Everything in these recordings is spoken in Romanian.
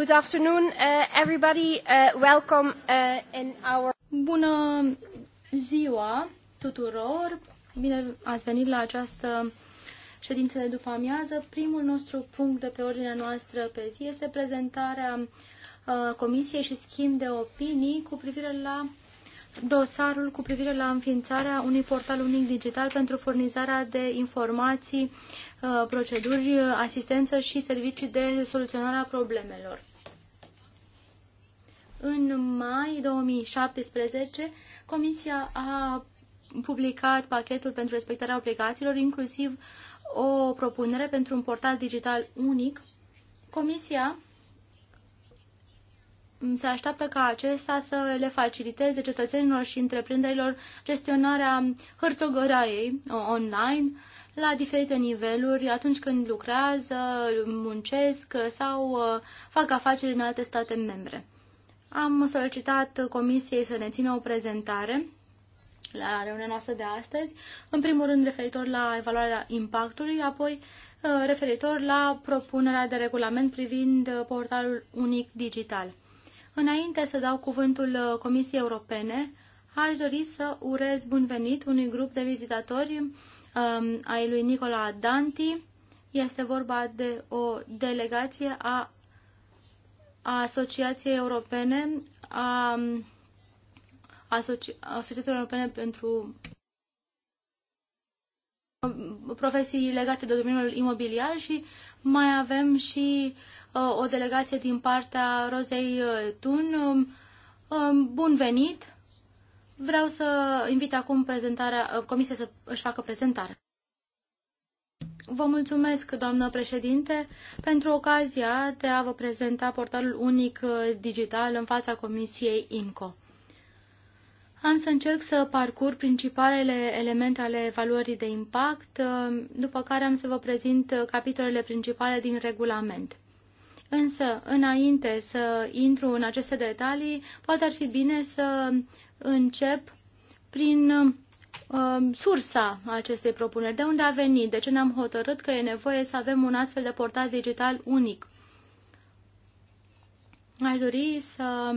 Good afternoon, uh, everybody. Uh, welcome uh, in our... Bună ziua tuturor. Bine ați venit la această ședință de după amiază. Primul nostru punct de pe ordinea noastră pe zi este prezentarea uh, Comisiei și schimb de opinii cu privire la dosarul cu privire la înființarea unui portal unic digital pentru furnizarea de informații, uh, proceduri, asistență și servicii de soluționare a problemelor. În mai 2017, Comisia a publicat pachetul pentru respectarea obligațiilor, inclusiv o propunere pentru un portal digital unic. Comisia se așteaptă ca acesta să le faciliteze cetățenilor și întreprinderilor gestionarea hârtogăraiei online la diferite niveluri atunci când lucrează, muncesc sau uh, fac afaceri în alte state membre. Am solicitat comisiei să ne țină o prezentare la reuniunea noastră de astăzi, în primul rând referitor la evaluarea impactului, apoi uh, referitor la propunerea de regulament privind uh, portalul unic digital. Înainte să dau cuvântul uh, Comisiei Europene, aș dori să urez bun venit unui grup de vizitatori um, ai lui Nicola Danti. Este vorba de o delegație a a Asociației Europene a Asociației Europene pentru profesii legate de domeniul imobiliar și mai avem și uh, o delegație din partea Rozei uh, Tun. Uh, bun venit! Vreau să invit acum prezentarea, uh, comisia să își facă prezentarea. Vă mulțumesc, doamnă președinte, pentru ocazia de a vă prezenta portalul unic uh, digital în fața Comisiei IMCO. Am să încerc să parcurg principalele elemente ale evaluării de impact, uh, după care am să vă prezint uh, capitolele principale din regulament. Însă, înainte să intru în aceste detalii, poate ar fi bine să încep prin Um, sursa acestei propuneri, de unde a venit, de ce ne-am hotărât că e nevoie să avem un astfel de portal digital unic. Aș dori să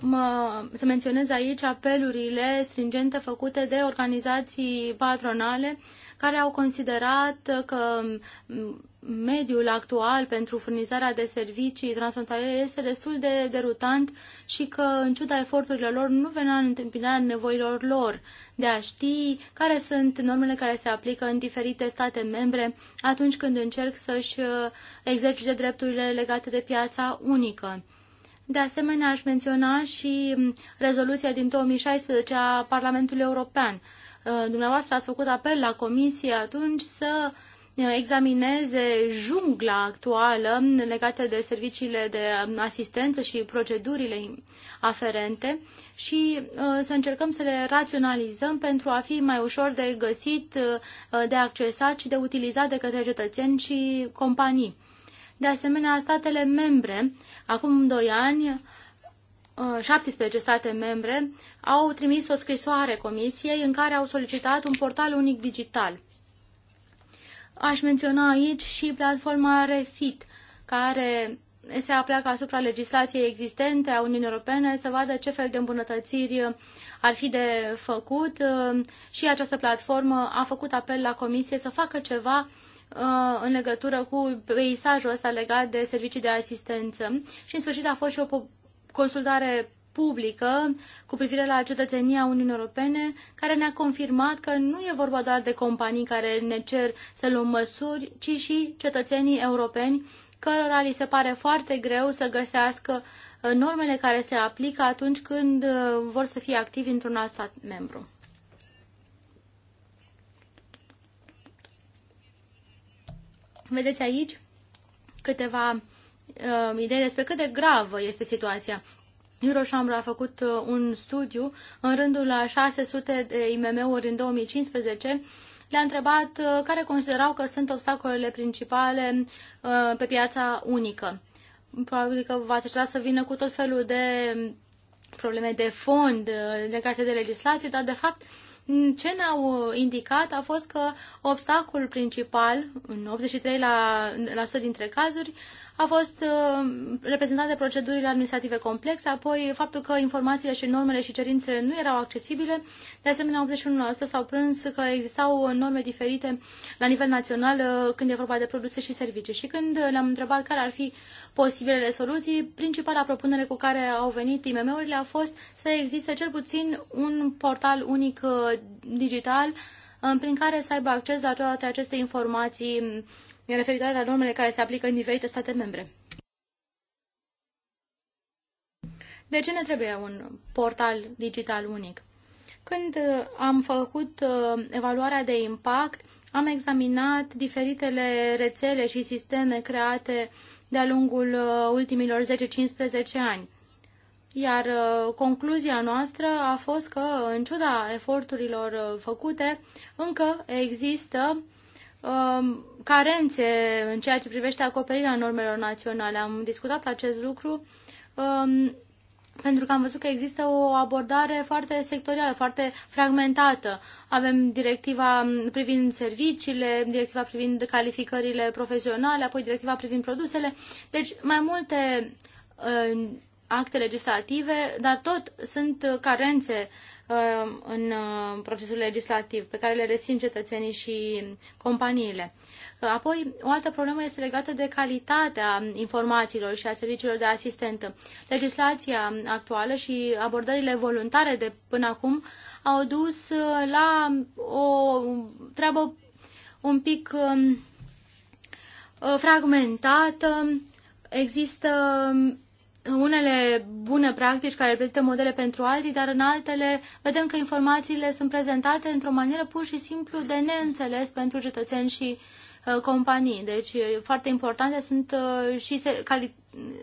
mă, să menționez aici apelurile stringente făcute de organizații patronale care au considerat că mediul actual pentru furnizarea de servicii transfrontaliere este destul de derutant și că, în ciuda eforturilor lor, nu venea în întâmpinarea nevoilor lor de a ști care sunt normele care se aplică în diferite state membre atunci când încerc să-și uh, exercite drepturile legate de piața unică. De asemenea, aș menționa și um, rezoluția din 2016 a Parlamentului European. Uh, dumneavoastră ați făcut apel la Comisie atunci să examineze jungla actuală legată de serviciile de asistență și procedurile aferente și uh, să încercăm să le raționalizăm pentru a fi mai ușor de găsit, uh, de accesat și de utilizat de către cetățeni și companii. De asemenea, statele membre, acum doi ani, 17 uh, state membre au trimis o scrisoare comisiei în care au solicitat un portal unic digital. Aș menționa aici și platforma Refit, care se apleacă asupra legislației existente a Uniunii Europene să vadă ce fel de îmbunătățiri ar fi de făcut uh, și această platformă a făcut apel la Comisie să facă ceva uh, în legătură cu peisajul ăsta legat de servicii de asistență și în sfârșit a fost și o consultare publică cu privire la cetățenia Uniunii Europene, care ne-a confirmat că nu e vorba doar de companii care ne cer să luăm măsuri, ci și cetățenii europeni cărora li se pare foarte greu să găsească uh, normele care se aplică atunci când uh, vor să fie activi într-un alt stat membru. Vedeți aici câteva uh, idei despre cât de gravă este situația. Eurochambra a făcut uh, un studiu în rândul la 600 de IMM-uri în 2015. Le-a întrebat uh, care considerau că sunt obstacolele principale uh, pe piața unică. Probabil că va aștepta să vină cu tot felul de probleme de fond legate de legislație, dar de fapt ce ne-au indicat a fost că obstacolul principal, în 83% la, la dintre cazuri, a fost uh, reprezentat de procedurile administrative complexe, apoi faptul că informațiile și normele și cerințele nu erau accesibile, de asemenea 81% s-au prâns că existau norme diferite la nivel național uh, când e vorba de produse și servicii. Și când le-am întrebat care ar fi posibilele soluții, principala propunere cu care au venit IMM-urile a fost să existe cel puțin un portal unic uh, digital prin care să aibă acces la toate aceste informații în referitoare la normele care se aplică în diferite state membre. De ce ne trebuie un portal digital unic? Când uh, am făcut uh, evaluarea de impact, am examinat diferitele rețele și sisteme create de-a lungul uh, ultimilor 10-15 ani. Iar concluzia noastră a fost că, în ciuda eforturilor făcute, încă există Um, carențe în ceea ce privește acoperirea normelor naționale. Am discutat acest lucru um, pentru că am văzut că există o abordare foarte sectorială, foarte fragmentată. Avem directiva um, privind serviciile, directiva privind calificările profesionale, apoi directiva privind produsele. Deci mai multe uh, acte legislative, dar tot sunt carențe Uh, în uh, procesul legislativ, pe care le resim cetățenii și companiile. Uh, apoi, o altă problemă este legată de calitatea informațiilor și a serviciilor de asistentă. Legislația actuală și abordările voluntare de până acum au dus la o treabă un pic um, fragmentată. Există um, unele bune practici care reprezintă modele pentru alții, dar în altele vedem că informațiile sunt prezentate într-o manieră pur și simplu de neînțeles pentru cetățeni și Uh, companii. Deci uh, foarte importante sunt uh, și se, cali,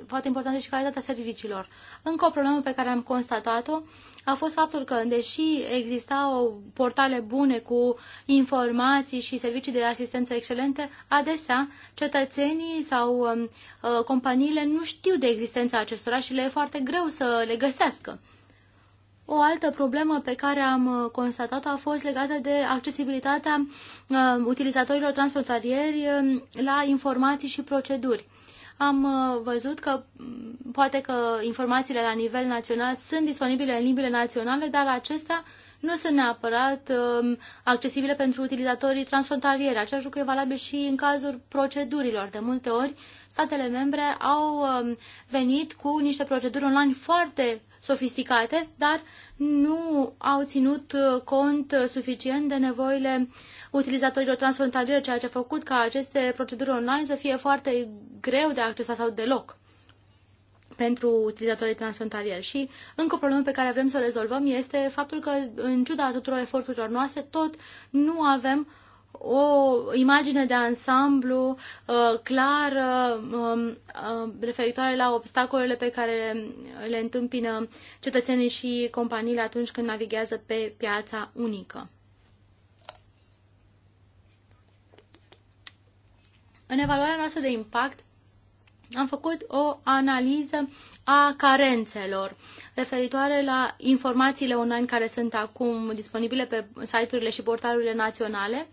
foarte importante și calitatea serviciilor. Încă o problemă pe care am constatat-o a fost faptul că, deși existau portale bune cu informații și servicii de asistență excelente, adesea cetățenii sau um, uh, companiile nu știu de existența acestora și le e foarte greu să le găsească. O altă problemă pe care am uh, constatat-o a fost legată de accesibilitatea uh, utilizatorilor transfrontalieri um, la informații și proceduri. Am uh, văzut că mm, poate că informațiile la nivel național sunt disponibile în limbile naționale, dar acestea nu sunt neapărat um, accesibile pentru utilizatorii transfrontalieri. Același lucru e valabil și în cazul procedurilor. De multe ori, statele membre au um, venit cu niște proceduri online foarte sofisticate, dar nu au ținut uh, cont suficient de nevoile utilizatorilor transfrontalieri, ceea ce a făcut ca aceste proceduri online să fie foarte greu de accesat sau deloc pentru utilizatorii transfrontalieri. Și încă o problemă pe care vrem să o rezolvăm este faptul că, în ciuda tuturor eforturilor noastre, tot nu avem o imagine de ansamblu uh, clară uh, um, uh, referitoare la obstacolele pe care le întâmpină cetățenii și companiile atunci când navighează pe piața unică. În evaluarea noastră de impact, am făcut o analiză a carențelor referitoare la informațiile online care sunt acum disponibile pe site-urile și portalurile naționale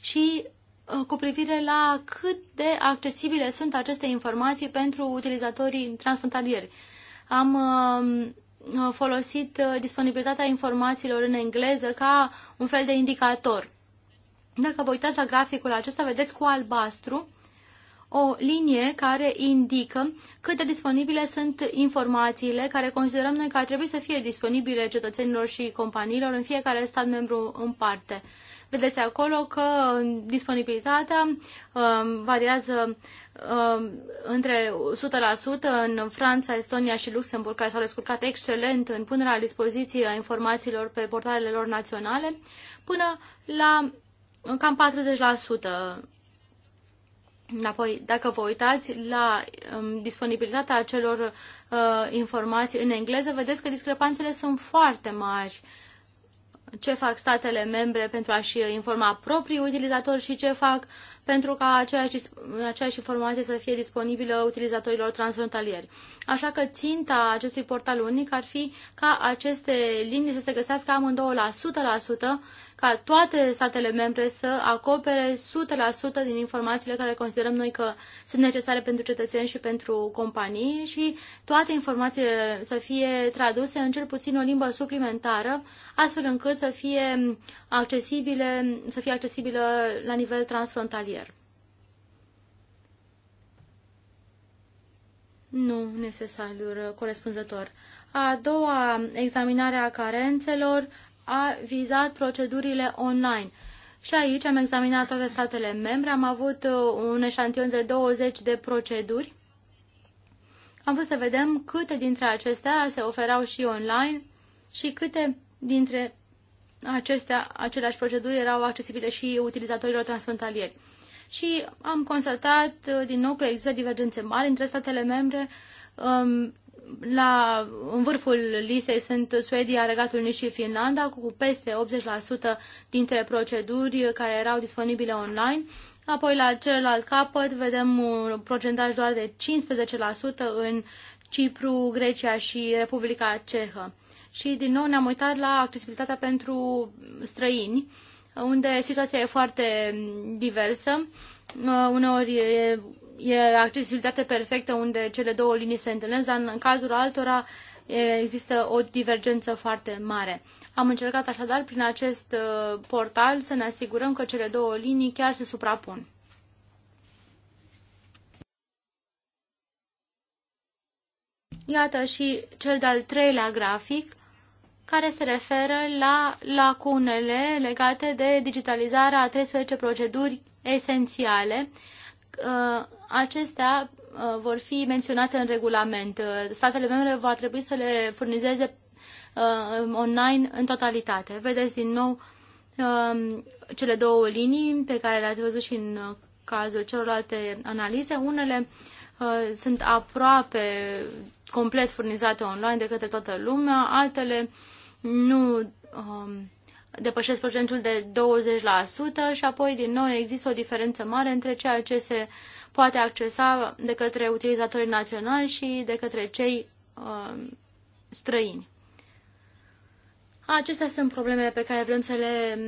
și uh, cu privire la cât de accesibile sunt aceste informații pentru utilizatorii transfrontalieri. Am uh, uh, folosit disponibilitatea informațiilor în engleză ca un fel de indicator. Dacă vă uitați la graficul acesta, vedeți cu albastru o linie care indică cât de disponibile sunt informațiile care considerăm noi că ar trebui să fie disponibile cetățenilor și companiilor în fiecare stat membru în parte. Vedeți acolo că um, disponibilitatea um, variază um, între 100% în Franța, Estonia și Luxemburg, care s-au descurcat excelent în punerea la dispoziție a informațiilor pe portalele lor naționale, până la cam 40% Apoi, dacă vă uitați la um, disponibilitatea acelor uh, informații în engleză, vedeți că discrepanțele sunt foarte mari. Ce fac statele membre pentru a-și informa proprii utilizatori și ce fac pentru ca aceeași, aceeași informație să fie disponibilă utilizatorilor transfrontalieri. Așa că ținta acestui portal unic ar fi ca aceste linii să se găsească amândouă la 100%, ca toate statele membre să acopere 100% din informațiile care considerăm noi că sunt necesare pentru cetățeni și pentru companii și toate informațiile să fie traduse în cel puțin o limbă suplimentară, astfel încât să fie accesibile, să fie accesibilă la nivel transfrontalier. Nu necesar uh, corespunzător. A doua examinare a carențelor a vizat procedurile online. Și aici am examinat toate statele membre, am avut uh, un eșantion de 20 de proceduri. Am vrut să vedem câte dintre acestea se oferau și online și câte dintre acestea, aceleași proceduri erau accesibile și utilizatorilor transfrontalieri și am constatat uh, din nou că există divergențe mari între statele membre. Um, la, în vârful listei sunt Suedia, Regatul Unit și Finlanda, cu peste 80% dintre proceduri care erau disponibile online. Apoi, la celălalt capăt, vedem un procentaj doar de 15% în Cipru, Grecia și Republica Cehă. Și, din nou, ne-am uitat la accesibilitatea pentru străini unde situația e foarte diversă. Uh, uneori e, e accesibilitate perfectă unde cele două linii se întâlnesc, dar în cazul altora există o divergență foarte mare. Am încercat așadar prin acest uh, portal să ne asigurăm că cele două linii chiar se suprapun. Iată și cel de-al treilea grafic care se referă la lacunele legate de digitalizarea a 13 proceduri esențiale. Uh, acestea uh, vor fi menționate în regulament. Uh, statele membre va trebui să le furnizeze online în totalitate. Vedeți din nou um, cele două linii pe care le-ați văzut și în cazul celorlalte analize. Unele sunt aproape complet furnizate online de către toată lumea, altele nu um, depășesc procentul de 20% și apoi din nou există o diferență mare între ceea ce se poate accesa de către utilizatorii naționali și de către cei um, străini. Acestea sunt problemele pe care vrem să le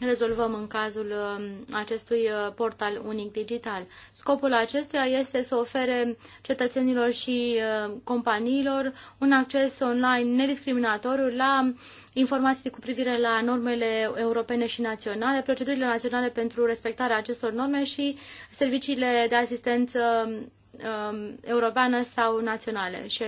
rezolvăm în cazul um, acestui uh, portal unic digital. Scopul acestuia este să ofere cetățenilor și uh, companiilor un acces online nediscriminatoriu la informații cu privire la normele europene și naționale, procedurile naționale pentru respectarea acestor norme și serviciile de asistență um, Um, europeană sau naționale și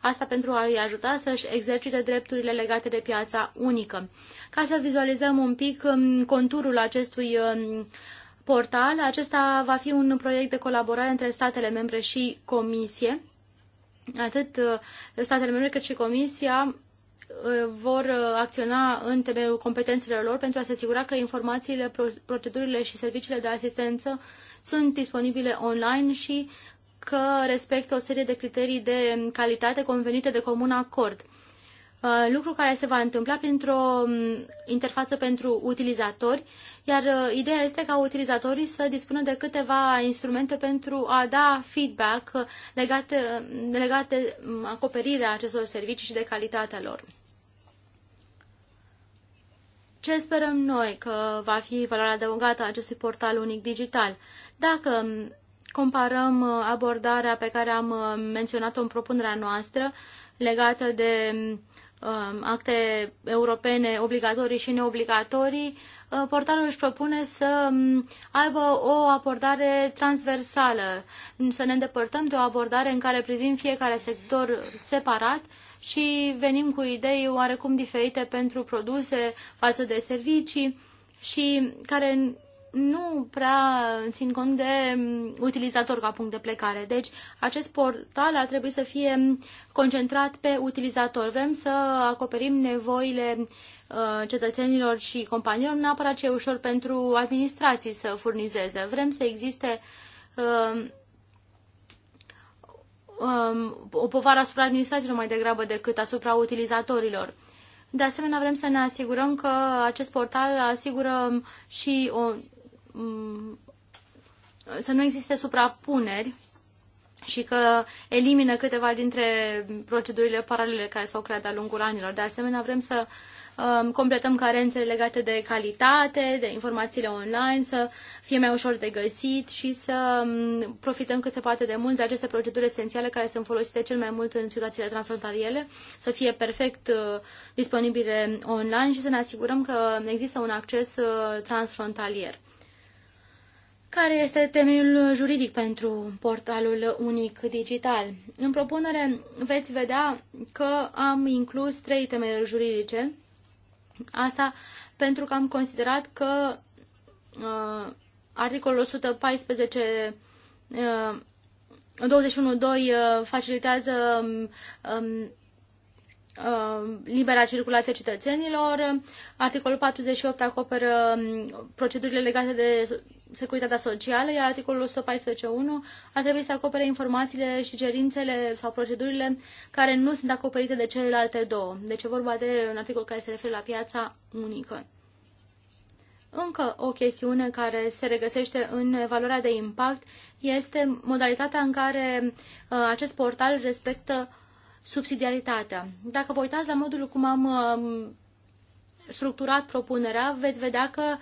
asta pentru a-i ajuta să-și exercite drepturile legate de piața unică. Ca să vizualizăm un pic um, conturul acestui um, portal, acesta va fi un proiect de colaborare între statele membre și Comisie. Atât uh, statele membre cât și Comisia uh, vor uh, acționa în temeiul competențelor lor pentru a se asigura că informațiile, procedurile și serviciile de asistență sunt disponibile online și că respectă o serie de criterii de calitate convenite de comun acord. Uh, lucru care se va întâmpla printr-o um, interfață pentru utilizatori, iar uh, ideea este ca utilizatorii să dispună de câteva instrumente pentru a da feedback uh, legate, legate um, acoperirea acestor servicii și de calitatea lor. Ce sperăm noi că va fi valoarea adăugată a acestui portal unic digital? Dacă um, comparăm uh, abordarea pe care am uh, menționat-o în propunerea noastră legată de um, uh, acte europene obligatorii și neobligatorii, portalul își propune să um, aibă o abordare transversală, să ne îndepărtăm de o abordare în care privim fiecare sector separat și venim cu idei oarecum diferite pentru produse față de servicii și care nu prea țin cont de mm, utilizator ca punct de plecare. Deci, acest portal ar trebui să fie concentrat pe utilizator. Vrem să acoperim nevoile mm, cetățenilor și companiilor, neapărat ce e ușor pentru administrații să furnizeze. Vrem să existe um, um, o povară asupra administrațiilor mai degrabă decât asupra utilizatorilor. De asemenea, vrem să ne asigurăm că acest portal asigură și o Mm, să nu existe suprapuneri și că elimină câteva dintre procedurile paralele care s-au creat de-a lungul anilor. De asemenea, vrem să um, completăm carențele legate de calitate, de informațiile online, să fie mai ușor de găsit și să um, profităm cât se poate de mult de aceste proceduri esențiale care sunt folosite cel mai mult în situațiile transfrontaliere, să fie perfect uh, disponibile online și să ne asigurăm că există un acces uh, transfrontalier. Care este temeiul juridic pentru portalul unic digital? În propunere veți vedea că am inclus trei temeiuri juridice. Asta pentru că am considerat că uh, articolul 114 uh, 21.2 uh, facilitează um, uh, libera circulație cetățenilor. Articolul 48 acoperă um, procedurile legate de securitatea socială, iar articolul 114.1 ar trebui să acopere informațiile și cerințele sau procedurile care nu sunt acoperite de celelalte două. Deci e vorba de un articol care se referă la piața unică. Încă o chestiune care se regăsește în valoarea de impact este modalitatea în care uh, acest portal respectă subsidiaritatea. Dacă vă uitați la modul cum am um, structurat propunerea, veți vedea că uh,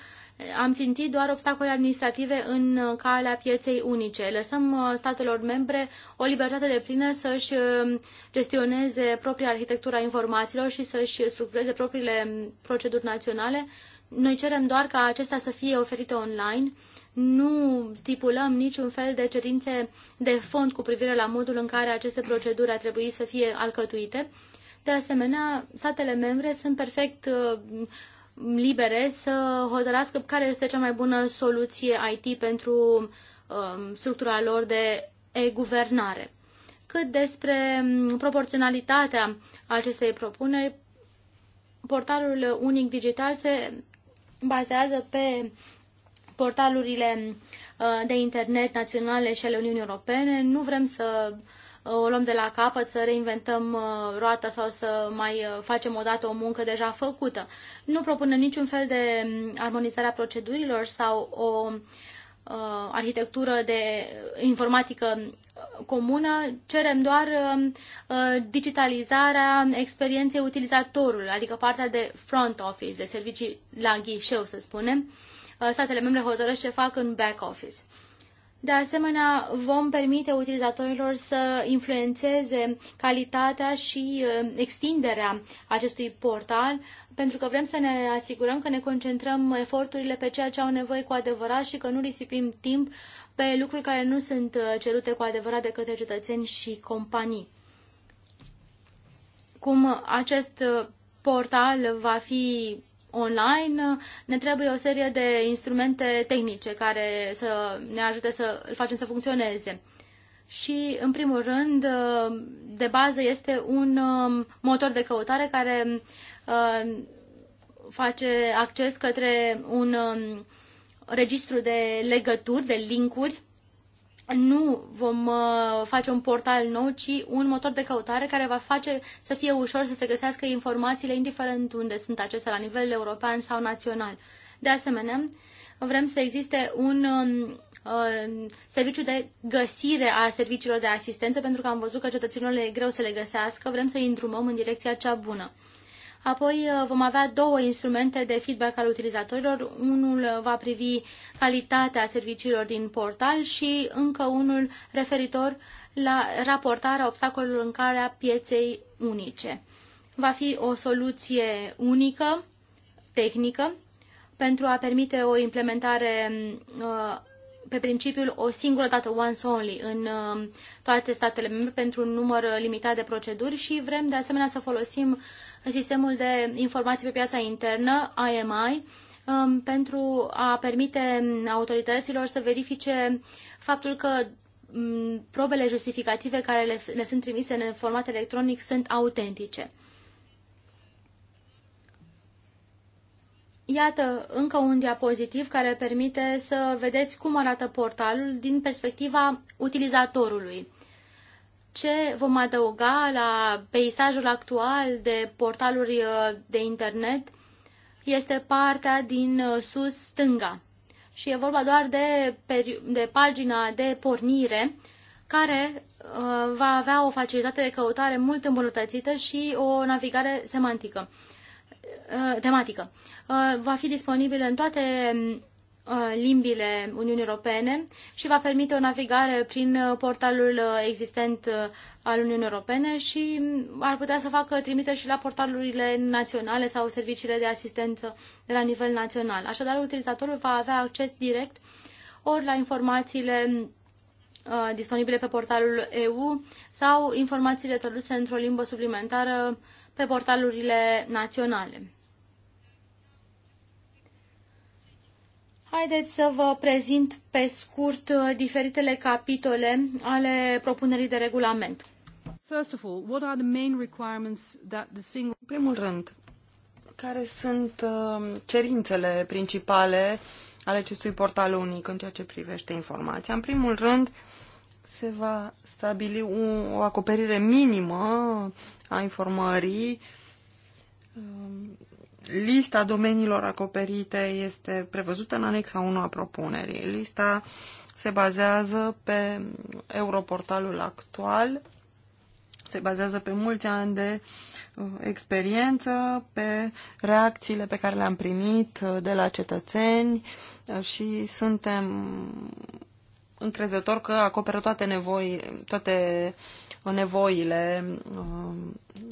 am țintit doar obstacole administrative în uh, calea pieței unice. Lăsăm uh, statelor membre o libertate de plină să-și uh, gestioneze propria arhitectura informațiilor și să-și structureze propriile mm, proceduri naționale. Noi cerem doar ca acestea să fie oferite online nu stipulăm niciun fel de cerințe de fond cu privire la modul în care aceste proceduri ar trebui să fie alcătuite. De asemenea, statele membre sunt perfect libere să hotărască care este cea mai bună soluție IT pentru um, structura lor de e-guvernare. Cât despre um, proporționalitatea acestei propuneri, portalul unic digital se bazează pe portalurile uh, de internet naționale și ale Uniunii Europene. Nu vrem să uh, o luăm de la capăt, să reinventăm uh, roata sau să mai uh, facem odată o muncă deja făcută. Nu propunem niciun fel de mm, armonizare a procedurilor sau o uh, arhitectură de informatică uh, comună, cerem doar um, uh, digitalizarea experienței utilizatorului, adică partea de front office, de servicii la ghișeu, să spunem. Uh, statele membre hotărăște ce fac în back office. Uh, de asemenea, vom permite utilizatorilor să influențeze calitatea și uh, extinderea acestui portal, pentru că vrem să ne asigurăm că ne concentrăm eforturile pe ceea ce au nevoie cu adevărat și că nu risipim timp pe lucruri care nu sunt uh, cerute cu adevărat de către cetățeni și companii. Cum acest uh, portal va fi online, ne trebuie o serie de instrumente tehnice care să ne ajute să îl facem să funcționeze. Și, în primul rând, de bază este un um, motor de căutare care um, face acces către un um, registru de legături, de linkuri nu vom uh, face un portal nou, ci un motor de căutare care va face să fie ușor să se găsească informațiile, indiferent unde sunt acestea, la nivel european sau național. De asemenea, vrem să existe un um, uh, serviciu de găsire a serviciilor de asistență, pentru că am văzut că cetățenilor e greu să le găsească, vrem să îi îndrumăm în direcția cea bună. Apoi uh, vom avea două instrumente de feedback al utilizatorilor. Unul uh, va privi calitatea serviciilor din portal și încă unul referitor la raportarea obstacolelor în calea pieței unice. Va fi o soluție unică, tehnică, pentru a permite o implementare uh, pe principiul o singură dată, once only, în uh, toate statele membre pentru un număr uh, limitat de proceduri și vrem de asemenea să folosim uh, sistemul de informații pe piața internă, IMI, um, pentru a permite um, autorităților să verifice faptul că um, probele justificative care le, le sunt trimise în format electronic sunt autentice. Iată încă un diapozitiv care permite să vedeți cum arată portalul din perspectiva utilizatorului. Ce vom adăuga la peisajul actual de portaluri uh, de internet este partea din uh, sus stânga. Și e vorba doar de, de pagina de pornire care uh, va avea o facilitate de căutare mult îmbunătățită și o navigare semantică. Uh, tematică. Uh, va fi disponibilă în toate uh, limbile Uniunii Europene și va permite o navigare prin portalul existent al Uniunii Europene și mm, ar putea să facă trimite și la portalurile naționale sau serviciile de asistență de la nivel național. Așadar, utilizatorul va avea acces direct ori la informațiile mm, disponibile pe portalul EU sau informațiile traduse într-o limbă suplimentară pe portalurile naționale. Haideți să vă prezint pe scurt uh, diferitele capitole ale propunerii de regulament. First of all, what are the main requirements that the single... În primul rând, care sunt uh, cerințele principale ale acestui portal unic în ceea ce privește informația? În primul rând, se va stabili o acoperire minimă a informării um, Lista domeniilor acoperite este prevăzută în anexa 1 a propunerii. Lista se bazează pe Europortalul actual, se bazează pe mulți ani de uh, experiență, pe reacțiile pe care le-am primit uh, de la cetățeni uh, și suntem încrezător că acoperă toate, nevoi, toate nevoile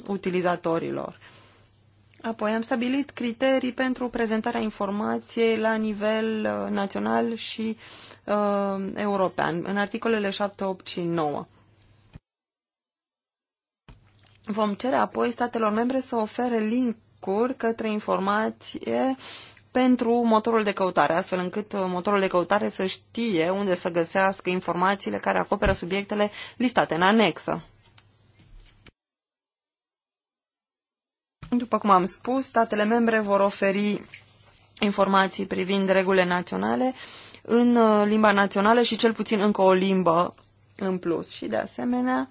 utilizatorilor. Apoi am stabilit criterii pentru prezentarea informației la nivel uh, național și uh, european, în articolele 7, 8 și 9. Vom cere apoi statelor membre să ofere linkuri către informație pentru motorul de căutare, astfel încât uh, motorul de căutare să știe unde să găsească informațiile care acoperă subiectele listate în anexă. După cum am spus, statele membre vor oferi informații privind regulile naționale în uh, limba națională și cel puțin încă o limbă în plus. Și de asemenea,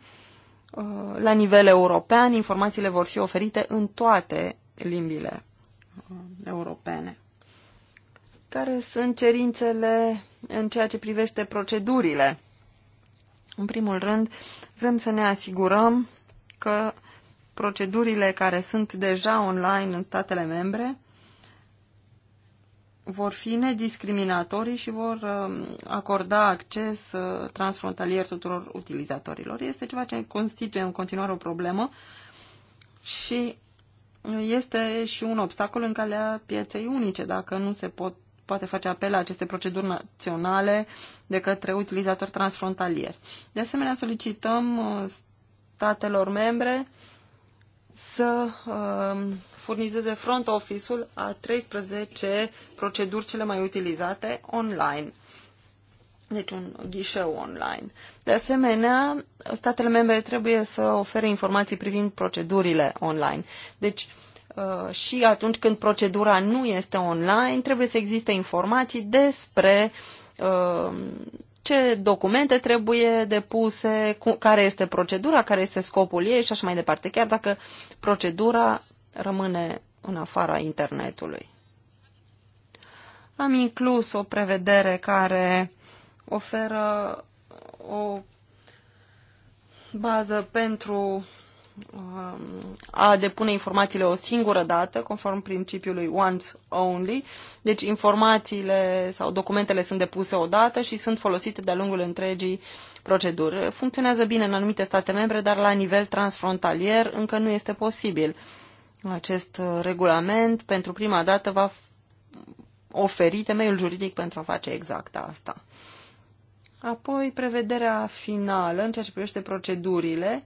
uh, la nivel european, informațiile vor fi oferite în toate limbile uh, europene. Care sunt cerințele în ceea ce privește procedurile? În primul rând, vrem să ne asigurăm că procedurile care sunt deja online în statele membre vor fi nediscriminatorii și vor um, acorda acces uh, transfrontalier tuturor utilizatorilor. Este ceva ce constituie în continuare o problemă și este și un obstacol în calea pieței unice, dacă nu se pot, poate face apel la aceste proceduri naționale de către utilizatori transfrontalieri. De asemenea, solicităm uh, statelor membre să uh, furnizeze front office-ul a 13 proceduri cele mai utilizate online. Deci un ghișeu online. De asemenea, statele membre trebuie să ofere informații privind procedurile online. Deci, uh, și atunci când procedura nu este online, trebuie să existe informații despre uh, ce documente trebuie depuse, cu, care este procedura, care este scopul ei și așa mai departe, chiar dacă procedura rămâne în afara internetului. Am inclus o prevedere care oferă o bază pentru Um, a depune informațiile o singură dată, conform principiului once only. Deci informațiile sau documentele sunt depuse odată și sunt folosite de-a lungul întregii proceduri. Funcționează bine în anumite state membre, dar la nivel transfrontalier încă nu este posibil. Acest uh, regulament pentru prima dată va oferi temeiul juridic pentru a face exact asta. Apoi, prevederea finală în ceea ce privește procedurile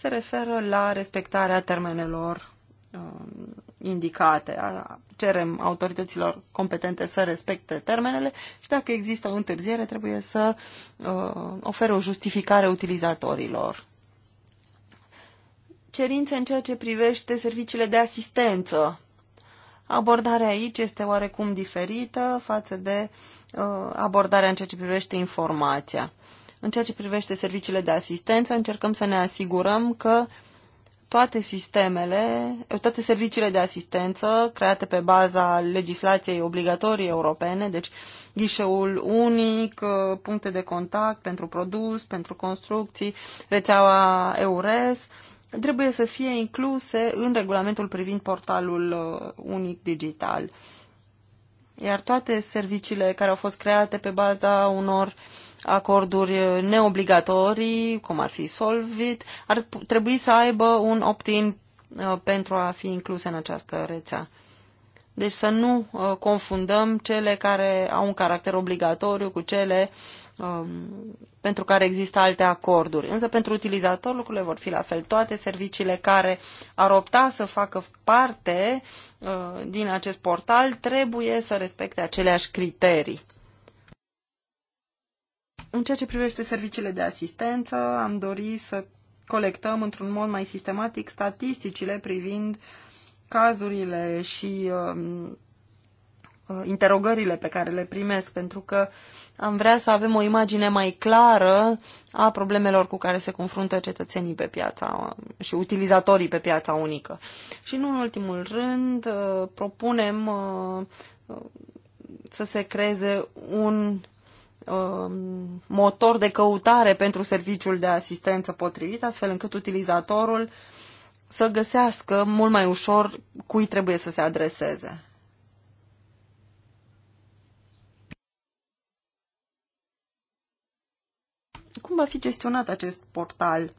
se referă la respectarea termenelor um, indicate. Cerem autorităților competente să respecte termenele și dacă există o întârziere, trebuie să uh, ofere o justificare utilizatorilor. Cerințe în ceea ce privește serviciile de asistență. Abordarea aici este oarecum diferită față de uh, abordarea în ceea ce privește informația. În ceea ce privește serviciile de asistență, încercăm să ne asigurăm că toate sistemele, toate serviciile de asistență create pe baza legislației obligatorii europene, deci ghișeul unic, puncte de contact pentru produs, pentru construcții, rețeaua EURES, trebuie să fie incluse în regulamentul privind portalul uh, unic digital. Iar toate serviciile care au fost create pe baza unor uh, acorduri neobligatorii, cum ar fi Solvit, ar trebui să aibă un opt-in uh, pentru a fi incluse în această rețea. Deci să nu uh, confundăm cele care au un caracter obligatoriu cu cele um, pentru care există alte acorduri. Însă pentru utilizator lucrurile vor fi la fel. Toate serviciile care ar opta să facă parte uh, din acest portal trebuie să respecte aceleași criterii. În ceea ce privește serviciile de asistență, am dorit să colectăm într-un mod mai sistematic statisticile privind cazurile și um, uh, interogările pe care le primesc, pentru că am vrea să avem o imagine mai clară a problemelor cu care se confruntă cetățenii pe piața um, și utilizatorii pe piața unică. Și nu în ultimul rând, uh, propunem uh, uh, să se creeze un Um, motor de căutare pentru serviciul de asistență potrivit, astfel încât utilizatorul să găsească mult mai ușor cui trebuie să se adreseze. Cum va fi gestionat acest portal?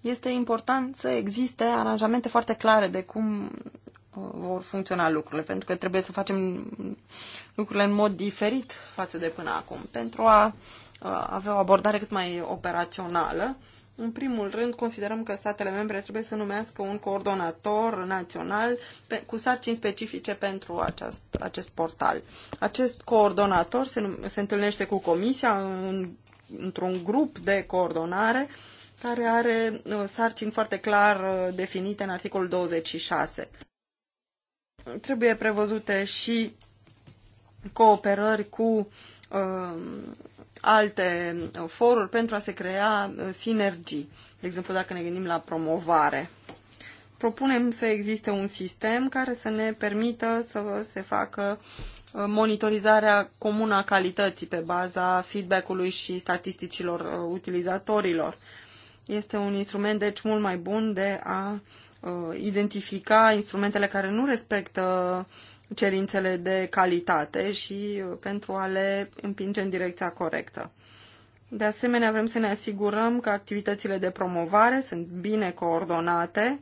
Este important să existe aranjamente foarte clare de cum vor funcționa lucrurile, pentru că trebuie să facem lucrurile în mod diferit față de până acum, pentru a avea o abordare cât mai operațională. În primul rând, considerăm că statele membre trebuie să numească un coordonator național cu sarcini specifice pentru acest, acest portal. Acest coordonator se, se întâlnește cu Comisia în, într-un grup de coordonare care are uh, sarcini foarte clar uh, definite în articolul 26 trebuie prevăzute și cooperări cu um, alte foruri pentru a se crea uh, sinergii. De exemplu, dacă ne gândim la promovare. Propunem să existe un sistem care să ne permită să se facă uh, monitorizarea comună a calității pe baza feedback-ului și statisticilor uh, utilizatorilor. Este un instrument, deci, mult mai bun de a Uh, identifica instrumentele care nu respectă cerințele de calitate și uh, pentru a le împinge în direcția corectă. De asemenea, vrem să ne asigurăm că activitățile de promovare sunt bine coordonate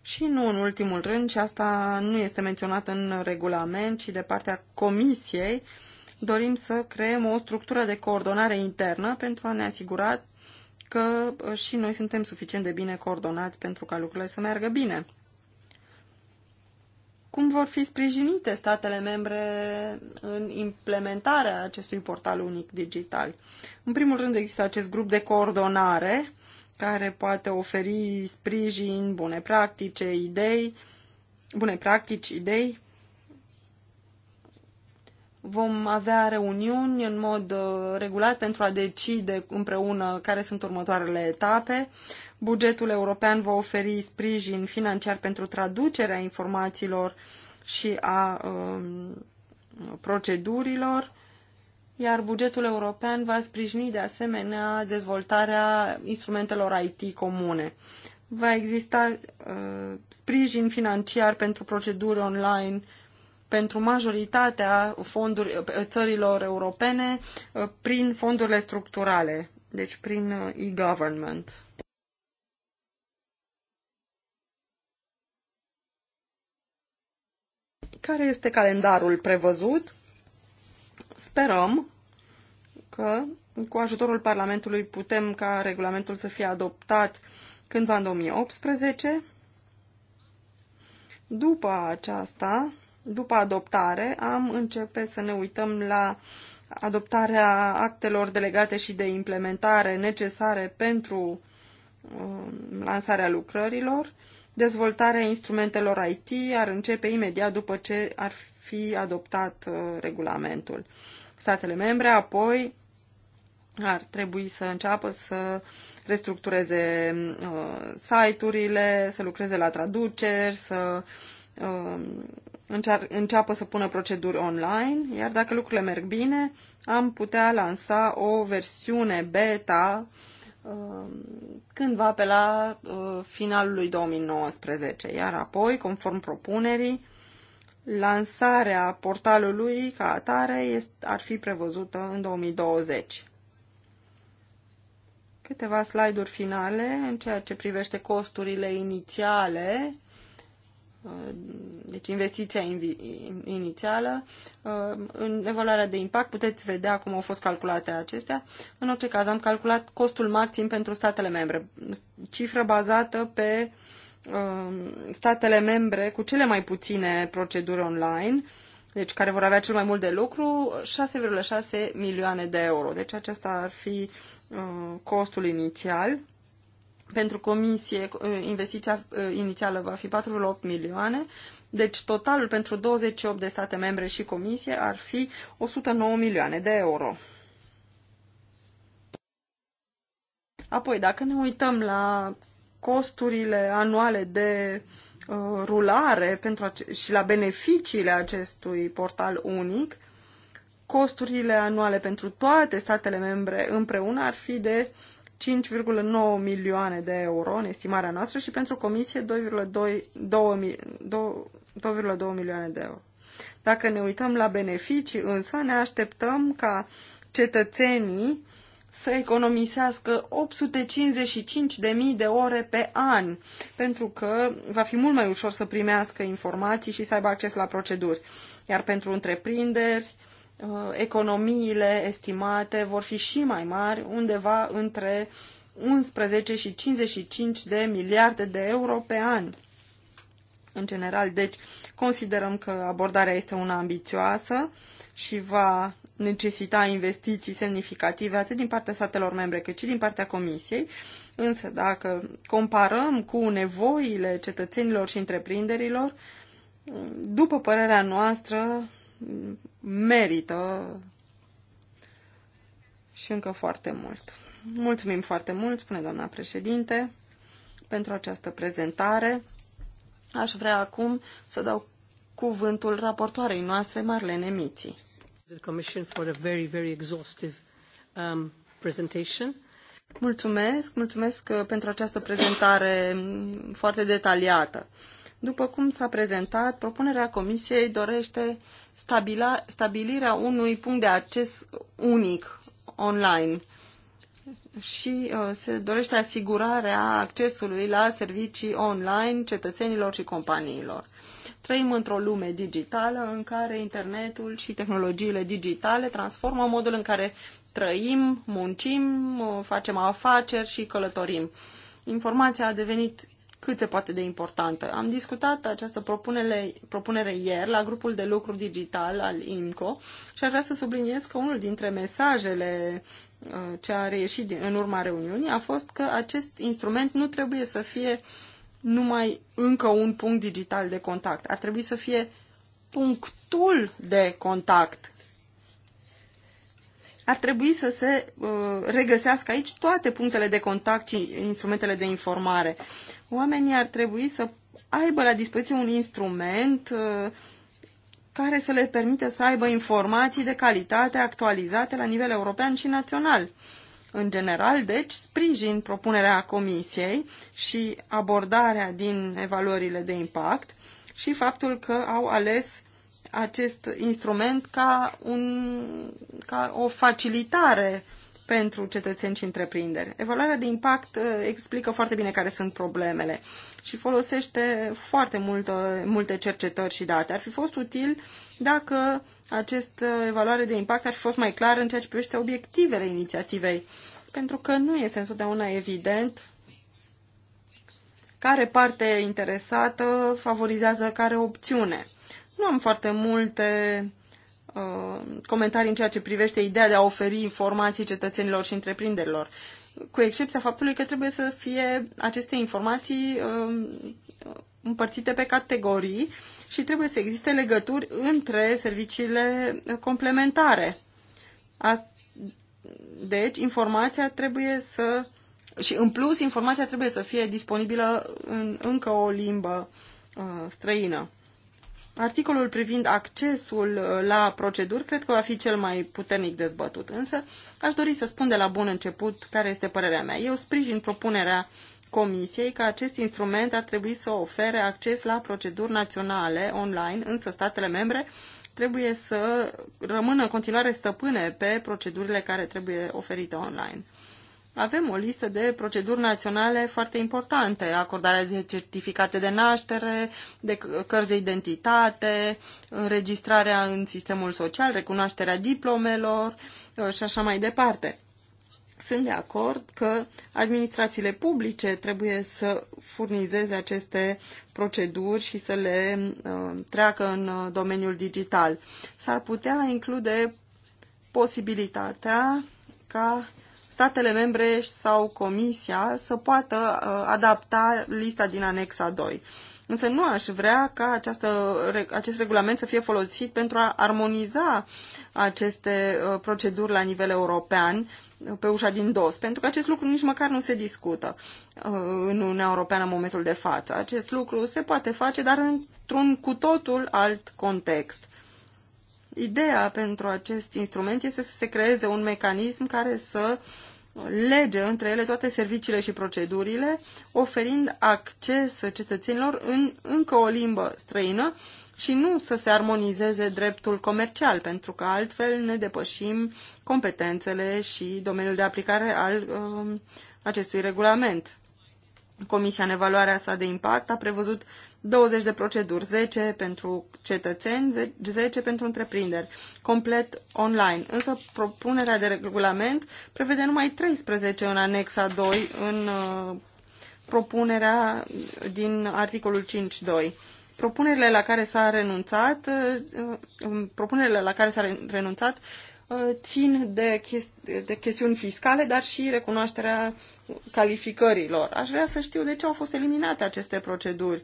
și nu în ultimul rând, și asta nu este menționat în regulament, ci de partea Comisiei, dorim să creăm o structură de coordonare internă pentru a ne asigura că uh, și noi suntem suficient de bine coordonați pentru ca lucrurile să meargă bine. Cum vor fi sprijinite statele membre în implementarea acestui portal unic digital? În primul rând există acest grup de coordonare care poate oferi sprijin, bune practice, idei, bune practici, idei Vom avea reuniuni în mod uh, regulat pentru a decide împreună care sunt următoarele etape. Bugetul european va oferi sprijin financiar pentru traducerea informațiilor și a um, procedurilor, iar bugetul european va sprijini de asemenea dezvoltarea instrumentelor IT comune. Va exista uh, sprijin financiar pentru proceduri online uh, pentru majoritatea fonduri, eh, țărilor europene eh, prin fondurile structurale, deci prin eh, e-government. Care este calendarul prevăzut? Sperăm că cu ajutorul Parlamentului putem ca regulamentul să fie adoptat cândva în 2018. După aceasta, după adoptare, am începe să ne uităm la adoptarea actelor delegate și de implementare necesare pentru um, lansarea lucrărilor. Dezvoltarea instrumentelor IT ar începe imediat după ce ar fi adoptat uh, regulamentul. Statele membre apoi ar trebui să înceapă să restructureze uh, site-urile, să lucreze la traduceri, să Um, înceapă să pună proceduri online, iar dacă lucrurile merg bine, am putea lansa o versiune beta um, cândva pe la uh, finalul lui 2019, iar apoi, conform propunerii, lansarea portalului ca atare ar fi prevăzută în 2020. Câteva slide-uri finale în ceea ce privește costurile inițiale Uh, deci investiția inițială. Uh, în evaluarea de impact puteți vedea cum au fost calculate acestea. În orice caz am calculat costul maxim pentru statele membre, cifră bazată pe uh, statele membre cu cele mai puține proceduri online, deci care vor avea cel mai mult de lucru, 6,6 milioane de euro. Deci acesta ar fi costul inițial pentru comisie, uh, investiția uh, inițială va fi 48 milioane, deci totalul pentru 28 de state membre și comisie ar fi 109 milioane de euro. Apoi, dacă ne uităm la costurile anuale de uh, rulare pentru și la beneficiile acestui portal unic, costurile anuale pentru toate statele membre împreună ar fi de 5,9 milioane de euro în estimarea noastră și pentru comisie 2,2 milioane de euro. Dacă ne uităm la beneficii, însă ne așteptăm ca cetățenii să economisească 855.000 de ore pe an, pentru că va fi mult mai ușor să primească informații și să aibă acces la proceduri. Iar pentru întreprinderi, Uh, economiile estimate vor fi și mai mari, undeva între 11 și 55 de miliarde de euro pe an. În general, deci, considerăm că abordarea este una ambițioasă și va necesita investiții semnificative atât din partea statelor membre cât și din partea Comisiei, însă dacă comparăm cu nevoile cetățenilor și întreprinderilor, după părerea noastră, merită și încă foarte mult. Mulțumim foarte mult, spune doamna președinte, pentru această prezentare. Aș vrea acum să dau cuvântul raportoarei noastre, Marlene Miții. The Commission for a very, very exhaustive um, presentation. Mulțumesc, mulțumesc uh, pentru această prezentare mm, foarte detaliată. După cum s-a prezentat, propunerea Comisiei dorește stabila, stabilirea unui punct de acces unic online și uh, se dorește asigurarea accesului la servicii online cetățenilor și companiilor. Trăim într-o lume digitală în care internetul și tehnologiile digitale transformă modul în care trăim, muncim, facem afaceri și călătorim. Informația a devenit cât se poate de importantă. Am discutat această propunere, propunere ieri la grupul de lucru digital al INCO și aș vrea să subliniez că unul dintre mesajele uh, ce a reieșit în urma reuniunii a fost că acest instrument nu trebuie să fie numai încă un punct digital de contact. Ar trebui să fie punctul de contact ar trebui să se uh, regăsească aici toate punctele de contact și instrumentele de informare. Oamenii ar trebui să aibă la dispoziție un instrument uh, care să le permită să aibă informații de calitate actualizate la nivel european și național. În general, deci, sprijin propunerea Comisiei și abordarea din evaluările de impact și faptul că au ales acest instrument ca, un, ca o facilitare pentru cetățeni și întreprinderi. Evaluarea de impact uh, explică foarte bine care sunt problemele și folosește foarte multă, multe cercetări și date. Ar fi fost util dacă această evaluare de impact ar fi fost mai clară în ceea ce privește obiectivele inițiativei, pentru că nu este întotdeauna evident care parte interesată favorizează care opțiune. Nu am foarte multe uh, comentarii în ceea ce privește ideea de a oferi informații cetățenilor și întreprinderilor, cu excepția faptului că trebuie să fie aceste informații uh, împărțite pe categorii și trebuie să existe legături între serviciile complementare. Deci, informația trebuie să și în plus, informația trebuie să fie disponibilă în încă o limbă uh, străină. Articolul privind accesul uh, la proceduri cred că va fi cel mai puternic dezbătut, însă aș dori să spun de la bun început care este părerea mea. Eu sprijin propunerea Comisiei că acest instrument ar trebui să ofere acces la proceduri naționale online, însă statele membre trebuie să rămână în continuare stăpâne pe procedurile care trebuie oferite online. Avem o listă de proceduri naționale foarte importante, acordarea de certificate de naștere, de cărți de identitate, înregistrarea în sistemul social, recunoașterea diplomelor uh, și așa mai departe. Sunt de acord că administrațiile publice trebuie să furnizeze aceste proceduri și să le uh, treacă în uh, domeniul digital. S-ar putea include posibilitatea ca statele membre sau Comisia să poată uh, adapta lista din anexa 2. Însă nu aș vrea ca această, acest regulament să fie folosit pentru a armoniza aceste uh, proceduri la nivel european uh, pe ușa din dos, pentru că acest lucru nici măcar nu se discută în Uniunea Europeană în momentul de față. Acest lucru se poate face, dar într-un cu totul alt context. Ideea pentru acest instrument este să se creeze un mecanism care să uh, lege între ele toate serviciile și procedurile, oferind acces cetățenilor în încă o limbă străină și nu să se armonizeze dreptul comercial, pentru că altfel ne depășim competențele și domeniul de aplicare al uh, acestui regulament. Comisia în evaluarea sa de impact a prevăzut 20 de proceduri, 10 pentru cetățeni, 10 pentru întreprinderi, complet online. Însă propunerea de regulament prevede numai 13 în anexa 2 în uh, propunerea din articolul 5.2. Propunerile la care s-a renunțat, uh, um, propunerile la care s-a renunțat uh, țin de, chesti- de chestiuni fiscale, dar și recunoașterea calificărilor. Aș vrea să știu de ce au fost eliminate aceste proceduri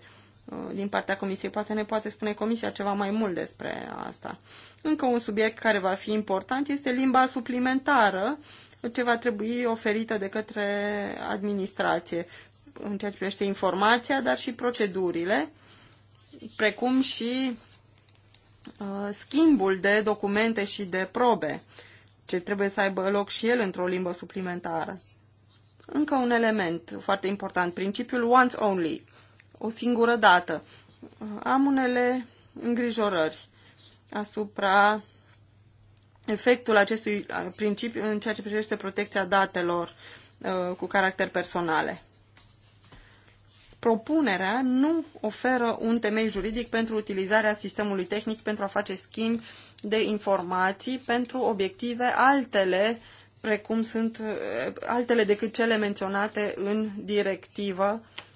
Uh, din partea Comisiei. Poate ne poate spune Comisia ceva mai mult despre asta. Încă un subiect care va fi important este limba suplimentară ce va trebui oferită de către administrație în ceea ce privește informația, dar și procedurile, precum și uh, schimbul de documente și de probe, ce trebuie să aibă loc și el într-o limbă suplimentară. Încă un element foarte important, principiul once only o singură dată. Am unele îngrijorări asupra efectul acestui principiu în ceea ce privește protecția datelor uh, cu caracter personale. Propunerea nu oferă un temei juridic pentru utilizarea sistemului tehnic pentru a face schimb de informații pentru obiective altele precum sunt uh, altele decât cele menționate în directivă uh,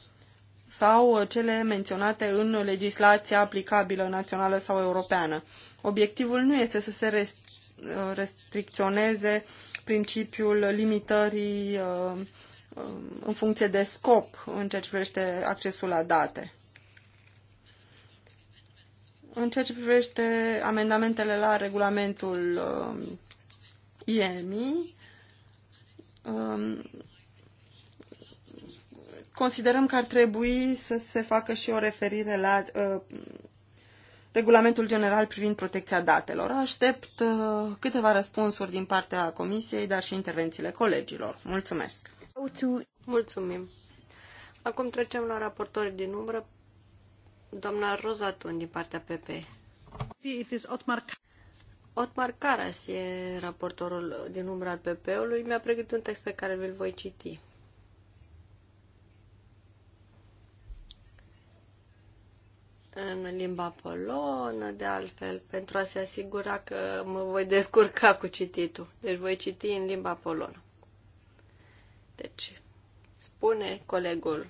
sau uh, cele menționate în legislația aplicabilă națională sau europeană. Obiectivul nu este să se uh, restricționeze principiul limitării uh, um, în funcție de scop în ceea ce privește accesul la date. În ceea ce privește amendamentele la regulamentul IEMI, considerăm că ar trebui să se facă și o referire la uh, Regulamentul General privind protecția datelor. Aștept uh, câteva răspunsuri din partea Comisiei, dar și intervențiile colegilor. Mulțumesc! Mulțumim! Acum trecem la raportorii din umbră. Doamna Rozatun din partea PP. Otmar Otmar Caras e raportorul din umbra al PP-ului. Mi-a pregătit un text pe care vi-l voi citi. în limba polonă, de altfel, pentru a se asigura că mă voi descurca cu cititul. Deci voi citi în limba polonă. Deci, spune colegul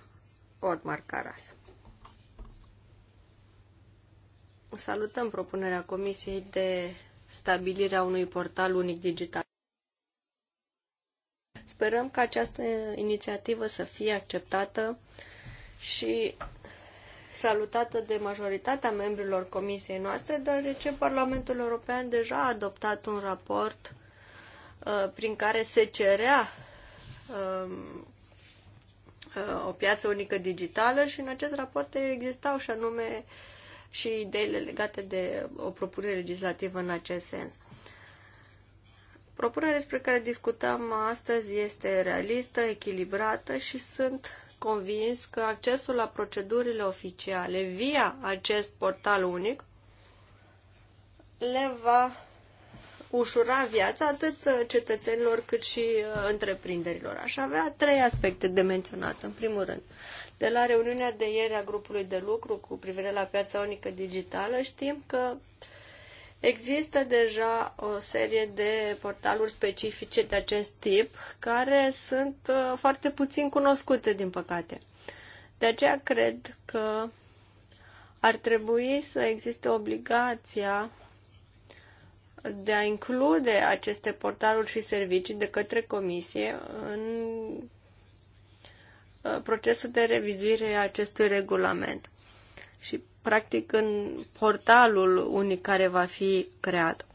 Otmar Caras. Salutăm propunerea Comisiei de stabilirea unui portal unic digital. Sperăm că această inițiativă să fie acceptată și salutată de majoritatea membrilor comisiei noastre, deoarece Parlamentul European deja a adoptat un raport uh, prin care se cerea um, uh, o piață unică digitală și în acest raport existau și anume și ideile legate de o propunere legislativă în acest sens. Propunerea despre care discutăm astăzi este realistă, echilibrată și sunt convins că accesul la procedurile oficiale via acest portal unic le va ușura viața atât cetățenilor cât și uh, întreprinderilor. Aș avea trei aspecte de menționat. În primul rând, de la reuniunea de ieri a grupului de lucru cu privire la piața unică digitală, știm că uh, Există deja o serie de portaluri specifice de acest tip care sunt uh, foarte puțin cunoscute, din păcate. De aceea cred că ar trebui să existe obligația de a include aceste portaluri și servicii de către comisie în uh, procesul de revizuire a acestui regulament. Și practic în portalul unic care va fi creat.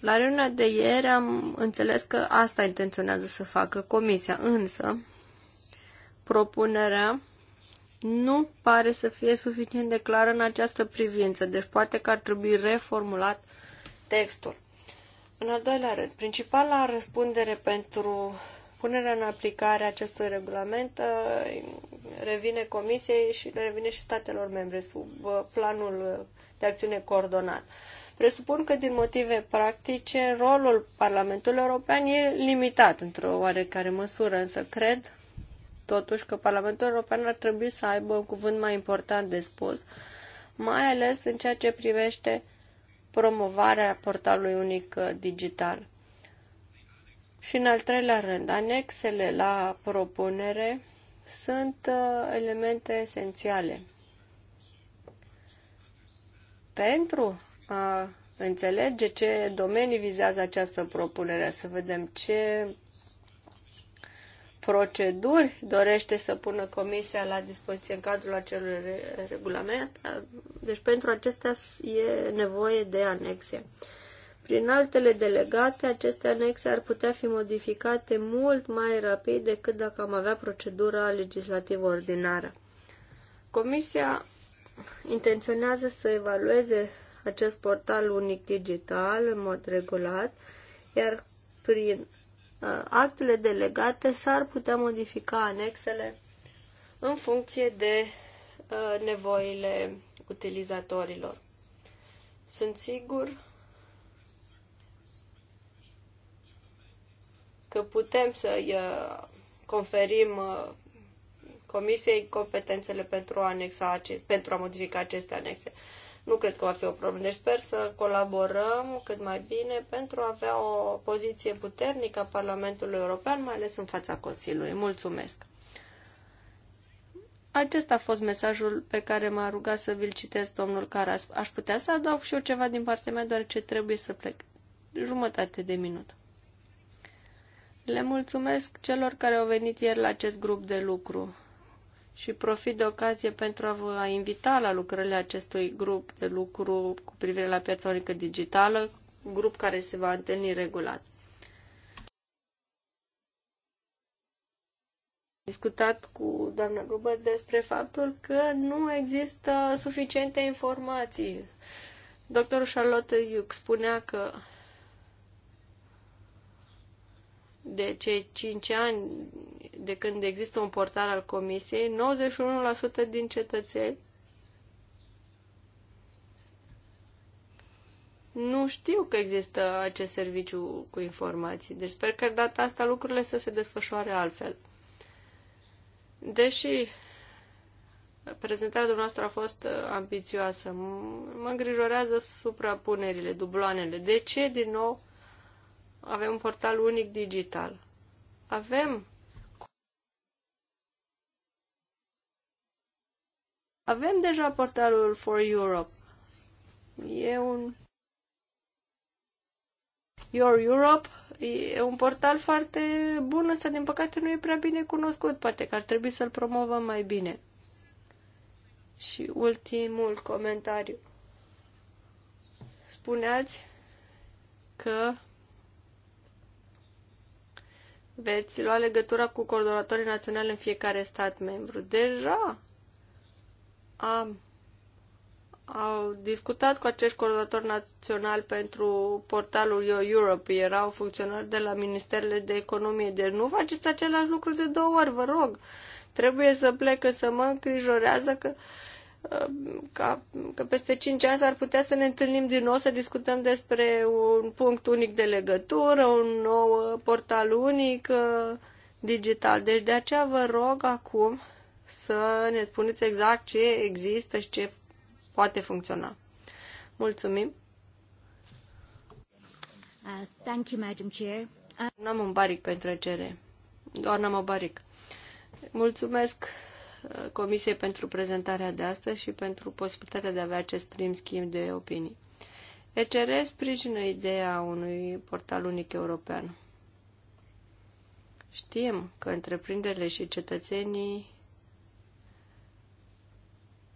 La reuniunea de ieri am înțeles că asta intenționează să facă comisia, însă propunerea nu pare să fie suficient de clară în această privință, deci poate că ar trebui reformulat textul. În al doilea rând, principala răspundere pentru Punerea în aplicare a acestui regulament uh, revine Comisiei și revine și statelor membre sub uh, planul de acțiune coordonat. Presupun că din motive practice rolul Parlamentului European e limitat într-o oarecare măsură, însă cred totuși că Parlamentul European ar trebui să aibă un cuvânt mai important de spus, mai ales în ceea ce privește promovarea portalului unic uh, digital. Și în al treilea rând, anexele la propunere sunt uh, elemente esențiale pentru a înțelege ce domenii vizează această propunere, să vedem ce proceduri dorește să pună Comisia la dispoziție în cadrul acelui regulament. Uh, deci pentru acestea e nevoie de anexe. Prin altele delegate, aceste anexe ar putea fi modificate mult mai rapid decât dacă am avea procedura legislativă ordinară. Comisia intenționează să evalueze acest portal unic digital în mod regulat, iar prin uh, actele delegate s-ar putea modifica anexele în funcție de uh, nevoile utilizatorilor. Sunt sigur că putem să-i uh, conferim uh, Comisiei competențele pentru a, anexa acest, pentru a modifica aceste anexe. Nu cred că va fi o problemă, deci sper să colaborăm cât mai bine pentru a avea o poziție puternică a Parlamentului European, mai ales în fața Consiliului. Mulțumesc! Acesta a fost mesajul pe care m-a rugat să vi-l citesc, domnul Caras. Aș putea să adaug și eu ceva din partea mea, doar ce trebuie să plec. Jumătate de minut. Le mulțumesc celor care au venit ieri la acest grup de lucru și profit de ocazie pentru a vă invita la lucrările acestui grup de lucru cu privire la piața unică digitală, grup care se va întâlni regulat. discutat cu doamna Gruber despre faptul că nu există suficiente informații. Doctorul Charlotte Iuc spunea că de cei 5 ani de când există un portal al comisiei, 91% din cetățeni nu știu că există acest serviciu cu informații. Deci sper că data asta lucrurile să se desfășoare altfel. Deși prezentarea dumneavoastră a fost uh, ambițioasă, mă îngrijorează suprapunerile, dubloanele. De ce din nou avem un portal unic digital. Avem Avem deja portalul For Europe. E un Your Europe e un portal foarte bun, însă din păcate nu e prea bine cunoscut. Poate că ar trebui să-l promovăm mai bine. Și ultimul comentariu. Spuneați că veți lua legătura cu coordonatorii naționali în fiecare stat membru. Deja am, au discutat cu acești coordonatori naționali pentru portalul Yo Europe. Erau funcționari de la Ministerele de Economie. Deci nu faceți același lucru de două ori, vă rog. Trebuie să plec, să mă îngrijorează că ca, că peste 5 ani s-ar putea să ne întâlnim din nou, să discutăm despre un punct unic de legătură, un nou uh, portal unic uh, digital. Deci de aceea vă rog acum să ne spuneți exact ce există și ce poate funcționa. Mulțumim! Uh, thank you, Madam Chair. N-am un baric pentru cere. Doar am un baric. Mulțumesc, Comisiei pentru prezentarea de astăzi și pentru posibilitatea de a avea acest prim schimb de opinii. ECR sprijină ideea unui portal unic european. Știm că întreprinderile și cetățenii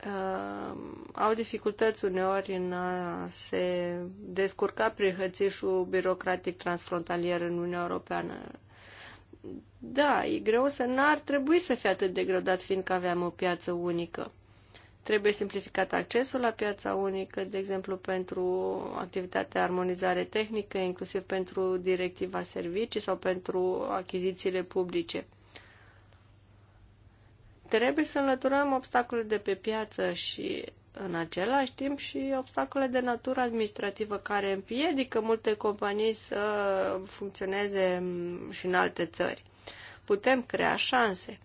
uh, au dificultăți uneori în a se descurca prin hățișul birocratic transfrontalier în Uniunea Europeană da, e greu să n-ar trebui să fie atât de greu, dat fiindcă aveam o piață unică. Trebuie simplificat accesul la piața unică, de exemplu, pentru activitatea armonizare tehnică, inclusiv pentru directiva servicii sau pentru achizițiile publice. Trebuie să înlăturăm obstacolul de pe piață și în același timp și obstacole de natură administrativă care împiedică multe companii să funcționeze mm, și în alte țări. Putem crea șanse.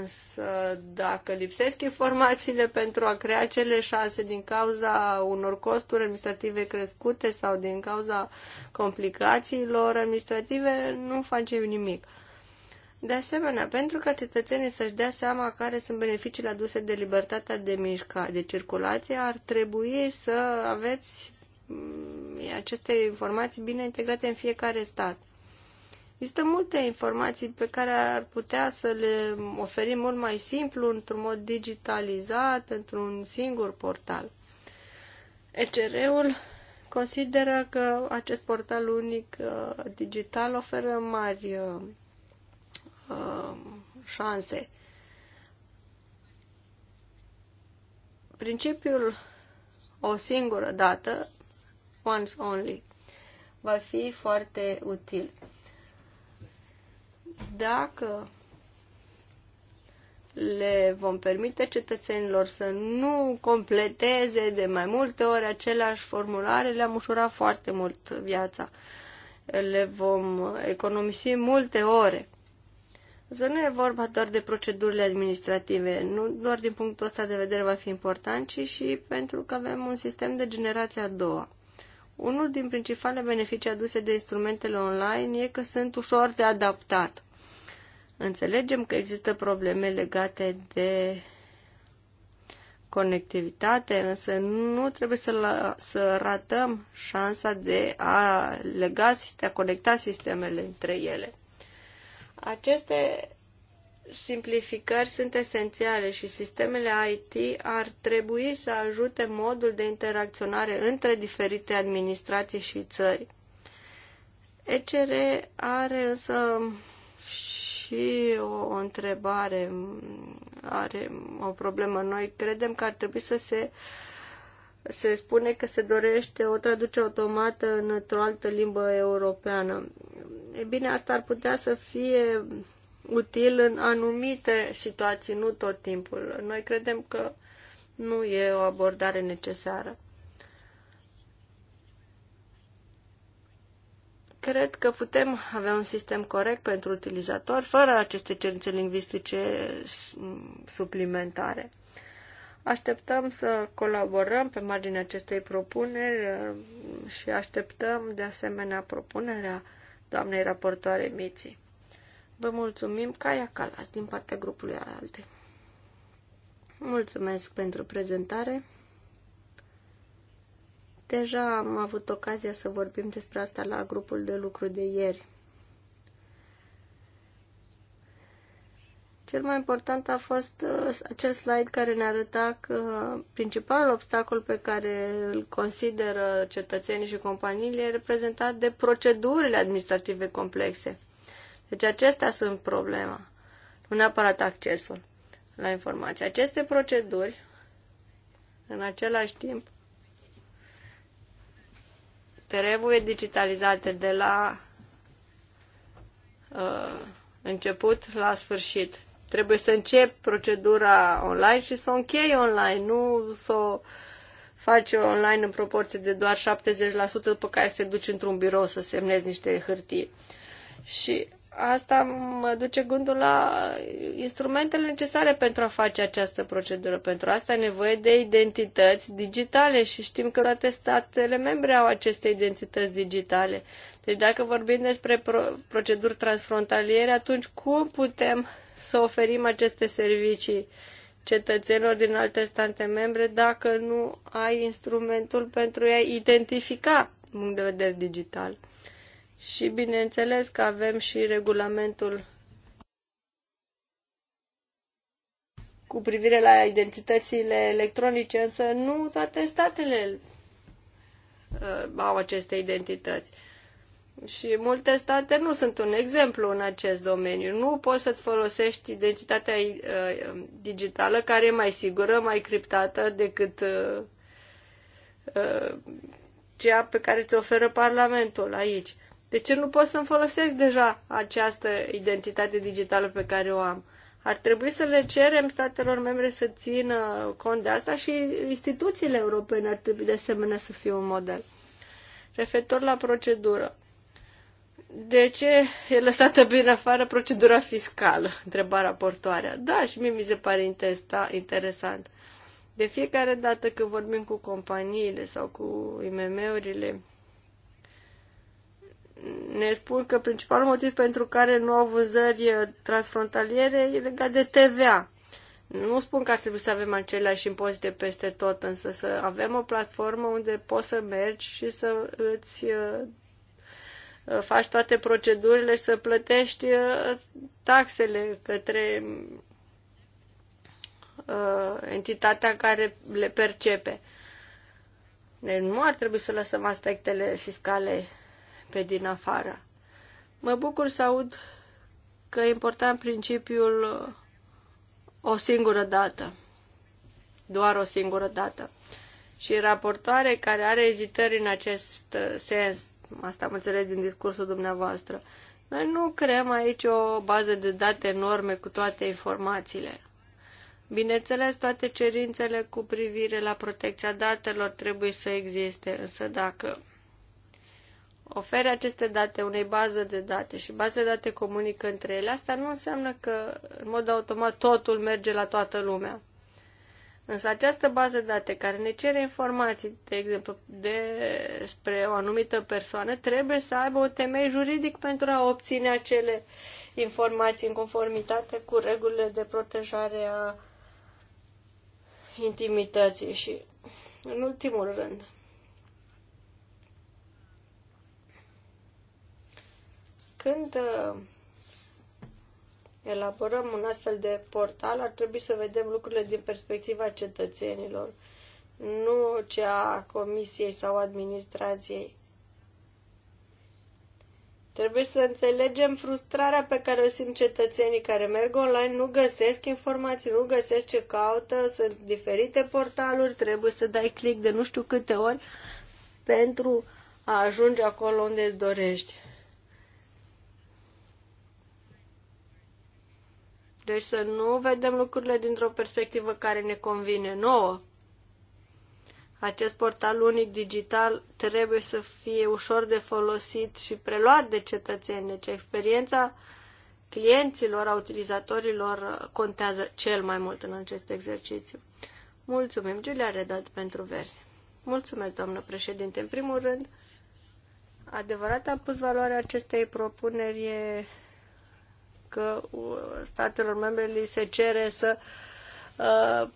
Însă, dacă lipsesc informațiile pentru a crea cele șanse din cauza unor costuri administrative crescute sau din cauza complicațiilor administrative, nu facem nimic. Uh, de asemenea, pentru ca cetățenii să-și dea seama care sunt beneficiile aduse de libertatea de mișcare, de circulație, ar trebui să aveți mm, aceste informații bine integrate în fiecare stat. Există multe informații pe care ar putea să le oferim mult mai simplu, într-un mod digitalizat, într-un singur portal. ECR-ul consideră că acest portal unic uh, digital oferă mari uh, Um, șanse. Principiul o singură dată, once only, va fi foarte util. Dacă le vom permite cetățenilor să nu completeze de mai multe ori aceleași formulare, le-am ușurat foarte mult viața. Le vom economisi multe ore. Să nu e vorba doar de procedurile administrative, nu doar din punctul ăsta de vedere va fi important, ci și pentru că avem un sistem de generație a doua. Unul din principalele beneficii aduse de instrumentele online e că sunt ușor de adaptat. Înțelegem că există probleme legate de conectivitate, însă nu trebuie să, la, să ratăm șansa de a lega, de a conecta sistemele între ele. Aceste simplificări sunt esențiale și sistemele IT ar trebui să ajute modul de interacționare între diferite administrații și țări. ECR are însă și o întrebare, are o problemă. Noi credem că ar trebui să se uh, se spune că se dorește o traducere automată într-o altă limbă europeană. E bine, asta ar putea să fie util în anumite situații, nu tot timpul. Noi credem că nu e o abordare necesară. Cred că putem avea un sistem corect pentru utilizator fără aceste cerințe lingvistice suplimentare. Așteptăm să colaborăm pe marginea acestei propuneri uh, și așteptăm de asemenea propunerea doamnei raportoare Miții. Vă mulțumim, Caia Calas, din partea grupului Alte. Mulțumesc pentru prezentare. Deja am avut ocazia să vorbim despre asta la grupul de lucru de ieri. Cel mai important a fost uh, acel slide care ne arăta că principalul obstacol pe care îl consideră cetățenii și companiile e reprezentat de procedurile administrative complexe. Deci acestea sunt problema, nu neapărat accesul la informații. Aceste proceduri, în același timp, trebuie digitalizate de la uh, început la sfârșit trebuie să încep procedura online și să o închei online, nu să o faci online în proporție de doar 70%, după care să te duci într-un birou să semnezi niște hârtii. Și asta mă duce gândul la instrumentele necesare pentru a face această procedură. Pentru asta e nevoie de identități digitale și știm că toate statele membre au aceste identități digitale. Deci dacă vorbim despre proceduri transfrontaliere, atunci cum putem să oferim aceste servicii cetățenilor din alte state membre dacă nu ai instrumentul pentru a identifica punct de vedere digital. Și bineînțeles că avem și regulamentul cu privire la identitățile electronice, însă nu toate statele uh, au aceste identități. Și multe state nu sunt un exemplu în acest domeniu. Nu poți să-ți folosești identitatea uh, digitală care e mai sigură, mai criptată decât uh, uh, cea pe care ți oferă Parlamentul aici. De ce nu pot să-mi folosesc deja această identitate digitală pe care o am? Ar trebui să le cerem statelor membre să țină cont de asta și instituțiile europene ar trebui de asemenea să fie un model. Referitor la procedură, de ce e lăsată bine afară procedura fiscală? Întreba raportoarea. Da, și mie mi se pare intesta, interesant. De fiecare dată când vorbim cu companiile sau cu IMM-urile, ne spun că principalul motiv pentru care nu au vânzări eh, transfrontaliere e legat de TVA. Nu spun că ar trebui să avem aceleași impozite peste tot, însă să avem o platformă unde poți să mergi și să îți eh, Uh, faci toate procedurile să plătești uh, taxele către uh, entitatea care le percepe. Deci nu ar trebui să lăsăm aspectele fiscale pe din afară. Mă bucur să aud că e important principiul o singură dată. Doar o singură dată. Și raportoare care are ezitări în acest sens, Asta am înțeles din discursul dumneavoastră. Noi nu creăm aici o bază de date enorme cu toate informațiile. Bineînțeles, toate cerințele cu privire la protecția datelor trebuie să existe, însă dacă oferi aceste date unei baze de date și baze de date comunică între ele, asta nu înseamnă că în mod automat totul merge la toată lumea. Însă această bază de date care ne cere informații, de exemplu, despre o anumită persoană, trebuie să aibă un temei juridic pentru a obține acele informații în conformitate cu regulile de protejare a intimității și, în ultimul rând, când uh, elaborăm un astfel de portal, ar trebui să vedem lucrurile din perspectiva cetățenilor, nu cea a comisiei sau administrației. Trebuie să înțelegem frustrarea pe care o simt cetățenii care merg online, nu găsesc informații, nu găsesc ce caută, sunt diferite portaluri, trebuie să dai click de nu știu câte ori pentru a ajunge acolo unde îți dorești. Deci să nu vedem lucrurile dintr-o perspectivă care ne convine nouă. Acest portal unic digital trebuie să fie ușor de folosit și preluat de cetățeni. Deci experiența clienților, a utilizatorilor contează cel mai mult în acest exercițiu. Mulțumim, Giulia Redat, pentru versi. Mulțumesc, doamnă președinte. În primul rând, am pus valoare acestei propuneri e că uh, statelor membre li se cere să uh,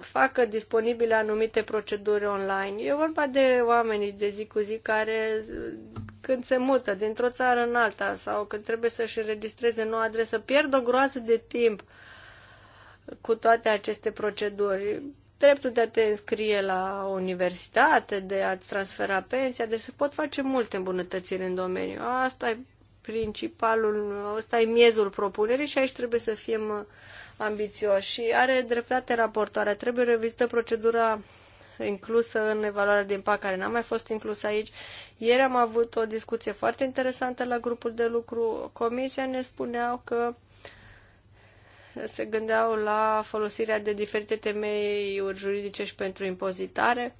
facă disponibile anumite proceduri online. E vorba de oamenii de zi cu zi care uh, când se mută dintr-o țară în alta sau când trebuie să-și înregistreze noua adresă, pierd o groază de timp cu toate aceste proceduri. Dreptul de a te înscrie la universitate, de a-ți transfera pensia, deci se pot face multe îmbunătățiri în domeniu. Asta e principalul, ăsta e miezul propunerii și aici trebuie să fim uh, ambițioși. Și are dreptate raportoarea, trebuie revizită procedura inclusă în evaluarea de impact, care n-a mai fost inclusă aici. Ieri am avut o discuție foarte interesantă la grupul de lucru. Comisia ne spuneau că se gândeau la folosirea de diferite temeiuri juridice și pentru impozitare.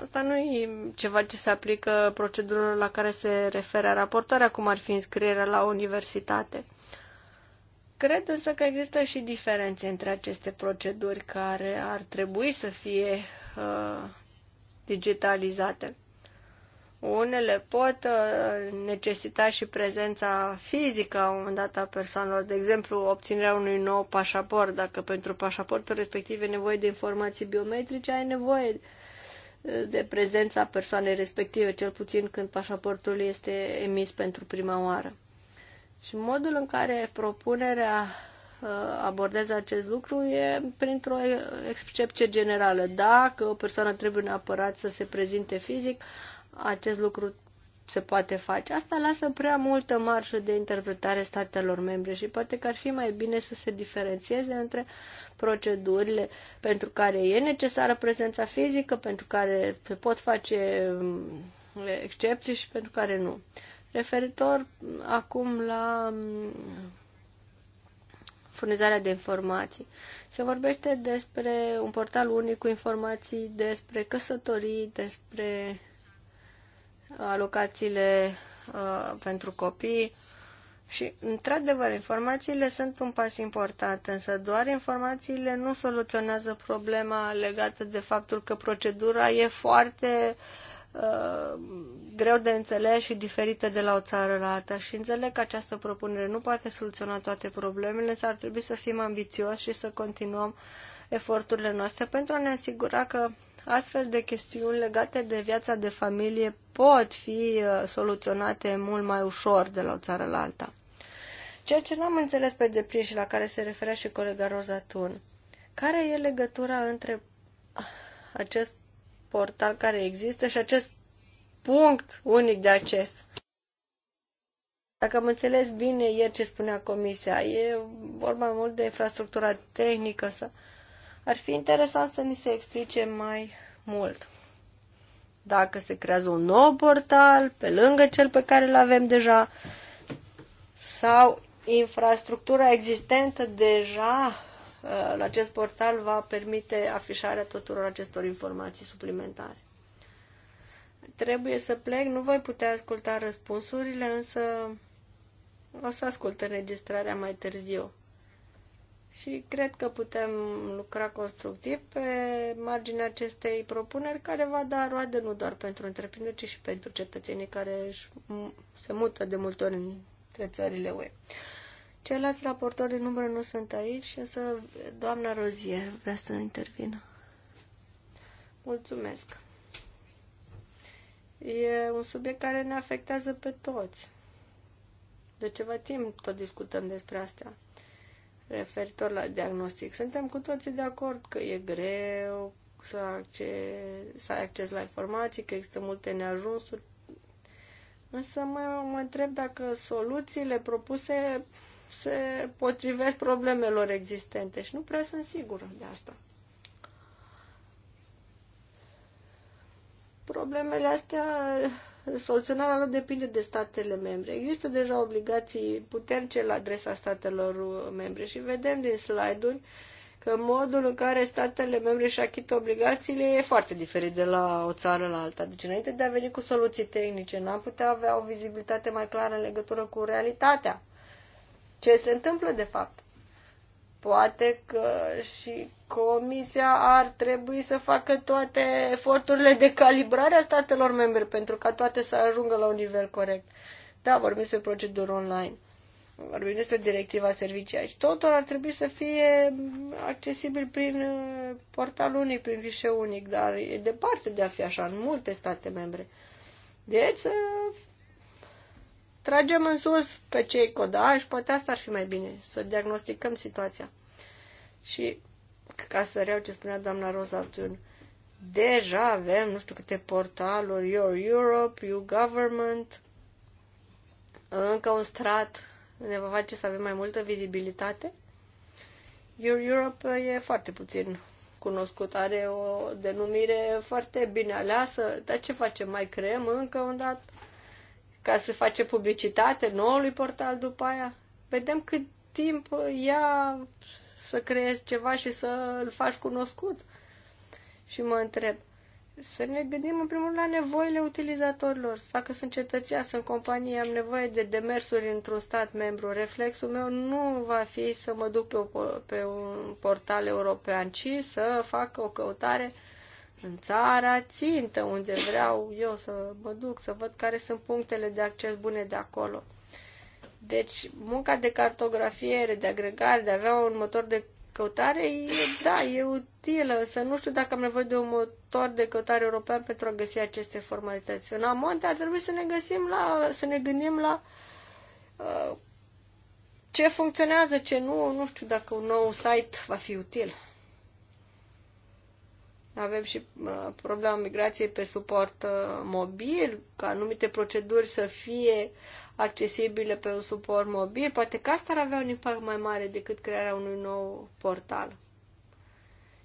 Asta nu e ceva ce se aplică procedurilor la care se referă raportarea, cum ar fi înscrierea la universitate. Cred însă că există și diferențe între aceste proceduri care ar trebui să fie uh, digitalizate. Unele pot uh, necesita și prezența fizică a un dat a persoanelor, de exemplu, obținerea unui nou pașaport. Dacă pentru pașaportul respectiv e nevoie de informații biometrice, ai nevoie de prezența persoanei respective, cel puțin când pașaportul este emis pentru prima oară. Și modul în care propunerea uh, abordează acest lucru e printr-o excepție generală. Dacă o persoană trebuie neapărat să se prezinte fizic, acest lucru se poate face. Asta lasă prea multă marjă de interpretare statelor membre și poate că ar fi mai bine să se diferențieze între procedurile pentru care e necesară prezența fizică, pentru care se pot face mm, excepții și pentru care nu. Referitor mm, acum la mm, furnizarea de informații. Se vorbește despre un portal unic cu informații despre căsătorii, despre alocațiile uh, pentru copii. Și, într-adevăr, informațiile sunt un pas important, însă doar informațiile nu soluționează problema legată de faptul că procedura e foarte uh, greu de înțeles și diferită de la o țară la alta. Și înțeleg că această propunere nu poate soluționa toate problemele, însă ar trebui să fim ambițioși și să continuăm uh, eforturile noastre pentru a ne asigura că astfel de chestiuni legate de viața de familie pot fi uh, soluționate mult mai ușor de la o țară la alta. Ceea ce n-am înțeles pe deplin și la care se referea și colega Tun, care e legătura între ah, acest portal care există și acest punct unic de acces? Dacă am înțeles bine ieri ce spunea comisia, e vorba mult de infrastructura tehnică sau ar fi interesant să ni se explice mai mult. Dacă se creează un nou portal pe lângă cel pe care îl avem deja sau infrastructura existentă deja uh, la acest portal va permite afișarea tuturor acestor informații suplimentare. Trebuie să plec, nu voi putea asculta răspunsurile, însă o să ascult înregistrarea mai târziu și cred că putem lucra constructiv pe marginea acestei propuneri care va da roade nu doar pentru întreprinderi, ci și pentru cetățenii care se mută de multe ori între țările UE. Ceilalți raportori din umbră nu sunt aici, însă doamna Rozie vrea să intervină. Mulțumesc. E un subiect care ne afectează pe toți. De ceva timp tot discutăm despre asta referitor la diagnostic. Suntem cu toții de acord că e greu să, acces, să ai acces la informații, că există multe neajunsuri, însă mă, mă întreb dacă soluțiile propuse se potrivesc problemelor existente și nu prea sunt sigură de asta. Problemele astea soluționarea lor depinde de statele membre. Există deja obligații puternice la adresa statelor uh, membre și vedem din slide-uri că modul în care statele membre își achită obligațiile e foarte diferit de la o țară la alta. Deci înainte de a veni cu soluții tehnice, n-am putea avea o vizibilitate mai clară în legătură cu realitatea. Ce se întâmplă de fapt? Poate că și Comisia ar trebui să facă toate eforturile de calibrare a statelor membre pentru ca toate să ajungă la un nivel corect. Da, vorbim despre proceduri online, vorbim despre directiva servicii aici. Totul ar trebui să fie accesibil prin uh, portal unic, prin fișeu unic, dar e departe de a fi așa în multe state membre. Deci să tragem în sus pe cei codași, poate asta ar fi mai bine, să diagnosticăm situația. Și ca să reau ce spunea doamna Rosa Thun, deja avem nu știu câte portaluri, Your Europe, You Government, încă un strat ne va face să avem mai multă vizibilitate. Your Europe e foarte puțin cunoscut, are o denumire foarte bine aleasă, dar ce facem? Mai creăm încă un dat ca să face publicitate noului portal după aia. Vedem cât timp ia să creezi ceva și să îl faci cunoscut. Și mă întreb, să ne gândim în primul rând la nevoile utilizatorilor. Dacă sunt cetățean, sunt companie, am nevoie de demersuri într-un stat membru. Reflexul meu nu va fi să mă duc pe, o, pe un portal european, ci să fac o căutare uh, în țara țintă, unde vreau eu să mă duc, să văd care sunt punctele de acces bune de acolo. Deci, munca de cartografiere, de agregare, de a avea un motor de căutare, e, da, e utilă, însă nu știu dacă am nevoie de un motor de căutare european pentru a găsi aceste formalități. În amonte ar trebui să ne găsim la, să ne gândim la uh, ce funcționează, ce nu, nu știu dacă un nou site va fi util. Avem și problema migrației pe suport uh, mobil, ca anumite proceduri să fie accesibile pe un suport mobil. Poate că asta ar avea un impact mai mare decât crearea unui nou portal.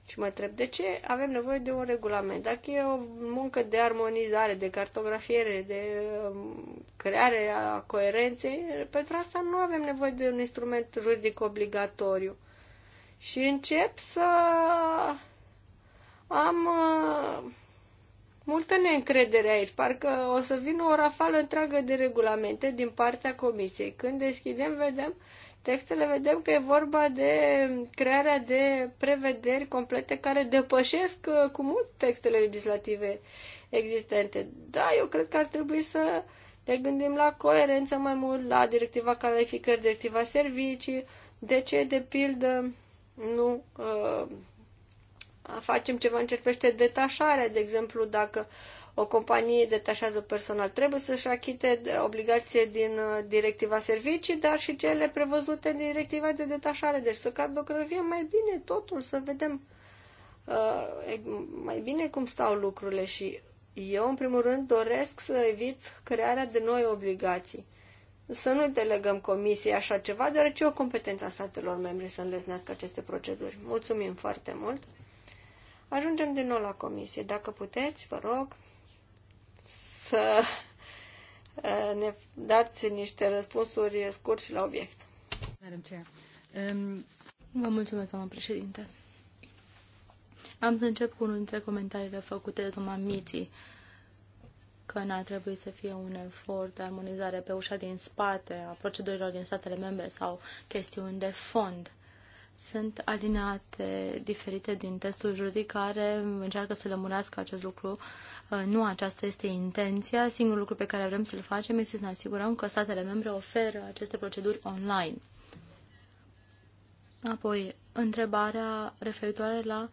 Și mă întreb de ce avem nevoie de un regulament. Dacă e o muncă de armonizare, de cartografiere, de um, creare a coerenței, pentru asta nu avem nevoie de un instrument juridic obligatoriu. Și încep să am uh, multă neîncredere aici. Parcă o să vină o rafală întreagă de regulamente din partea comisiei. Când deschidem, vedem textele, vedem că e vorba de crearea de prevederi complete care depășesc uh, cu mult textele legislative existente. Da, eu cred că ar trebui să ne gândim la coerență mai mult, la directiva calificări, directiva servicii, de ce, de pildă, nu uh, facem ceva în ce detașarea, de exemplu, dacă o companie detașează personal, trebuie să-și achite obligație din uh, directiva servicii, dar și cele prevăzute din directiva de detașare. Deci să cadocrăvim mai bine totul, să vedem uh, mai bine cum stau lucrurile și eu, în primul rând, doresc să evit crearea de noi obligații. Să nu delegăm comisie așa ceva, deoarece e o competență a statelor membre să înlesnească aceste proceduri. Mulțumim foarte mult! Ajungem din nou la comisie. Dacă puteți, vă rog, să eh, ne dați niște răspunsuri scurt și la obiect. Madam Chair. Um... Vă mulțumesc, doamnă președinte. Am să încep cu unul dintre comentariile făcute de doamna Miții, că n-ar trebui să fie un efort de armonizare pe ușa din spate a procedurilor din statele membre sau chestiuni de fond. Uh, sunt alineate diferite din testul juridic care încearcă să lămurească acest lucru. Uh, nu aceasta este intenția. Singurul lucru pe care vrem să-l facem este să ne asigurăm că statele membre oferă aceste proceduri online. Apoi, întrebarea referitoare la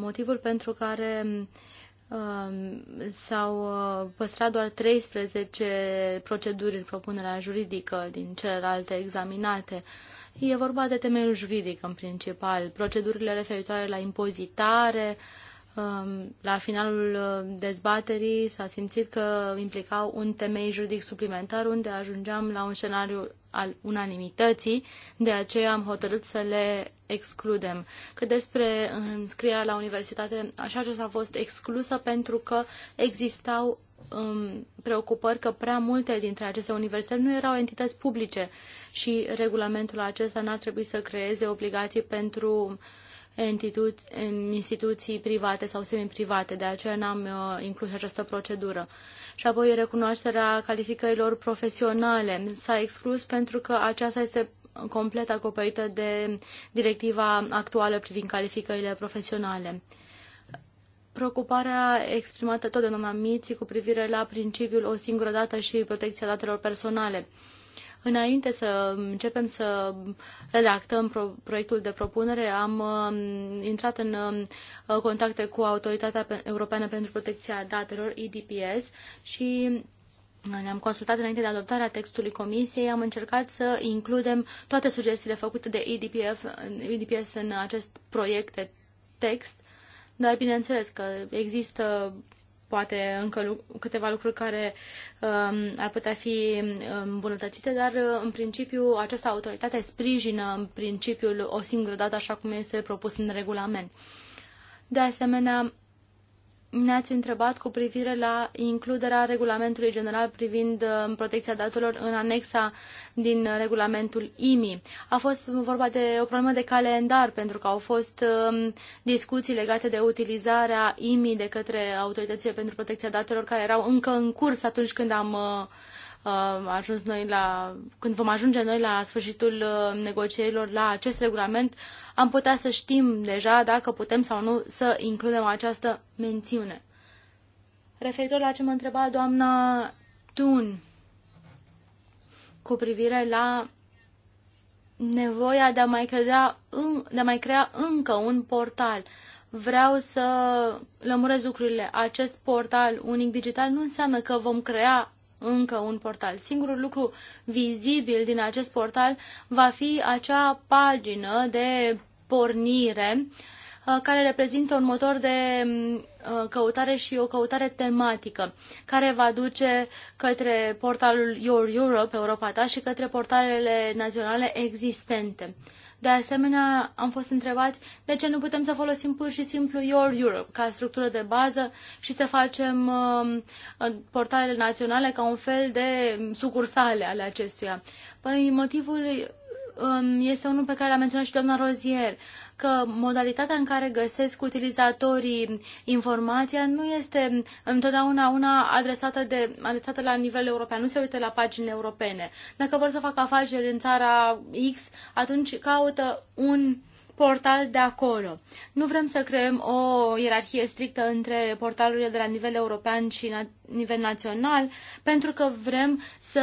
motivul pentru care um, s-au uh, păstrat doar 13 proceduri în propunerea juridică din celelalte examinate. E vorba de temeiul juridic în principal, procedurile referitoare la impozitare. Um, la finalul um, dezbaterii s-a simțit că implicau un temei juridic suplimentar unde ajungeam la un scenariu al unanimității, de aceea am hotărât să le excludem. Că despre înscrierea la universitate, așa s a fost exclusă pentru că existau um, preocupări că prea multe dintre aceste universități nu erau entități publice și regulamentul acesta n-ar trebui să creeze obligații pentru instituții private sau semiprivate, de aceea n-am uh, inclus această procedură. Și apoi recunoașterea calificărilor profesionale s-a exclus pentru că aceasta este complet acoperită de directiva actuală privind calificările profesionale preocuparea exprimată tot de doamna Miții cu privire la principiul o singură dată și protecția datelor personale. Înainte să începem să redactăm pro proiectul de propunere, am uh, intrat în uh, contacte cu Autoritatea Europeană pentru Protecția Datelor, EDPS, și ne-am consultat înainte de adoptarea textului comisiei, am încercat să includem toate sugestiile făcute de EDPF, EDPS în acest proiect de text dar bineînțeles că există poate încă câteva lucruri care um, ar putea fi um, îmbunătățite, dar uh, în principiu această autoritate sprijină în principiul o singură dată așa cum este propus în regulament. De asemenea, ne-ați întrebat cu privire la includerea regulamentului general privind uh, protecția datelor în anexa din uh, regulamentul IMI. A fost vorba de o problemă de calendar, pentru că au fost um, discuții legate de utilizarea IMI de către autoritățile pentru protecția datelor care erau încă în curs atunci când am uh, ajuns noi la, când vom ajunge noi la sfârșitul uh, negocierilor la acest regulament, am putea să știm deja dacă putem sau nu să includem această mențiune. Referitor la ce mă întreba doamna Tun cu privire la nevoia de a mai, credea de a mai crea încă un portal. Vreau să lămurez lucrurile. Acest portal unic digital nu înseamnă că vom crea încă un portal. Singurul lucru vizibil din acest portal va fi acea pagină de pornire uh, care reprezintă un motor de mm, uh, căutare și o căutare tematică, care va duce către portalul Your Europe, Europa ta, și către portalele naționale existente. De asemenea, am fost întrebați de ce nu putem să folosim pur și simplu Your Europe ca structură de bază și să facem um, uh, portalele naționale ca un fel de sucursale ale acestuia. Păi motivul este unul pe care l-a menționat și doamna Rozier, că modalitatea în care găsesc utilizatorii informația nu este întotdeauna una adresată, de, adresată la nivel european, nu se uită la pagini europene. Dacă vor să facă afaceri în țara X, atunci caută un portal de acolo. Nu vrem să creăm o ierarhie strictă între portalurile de la nivel european și na- nivel național, pentru că vrem să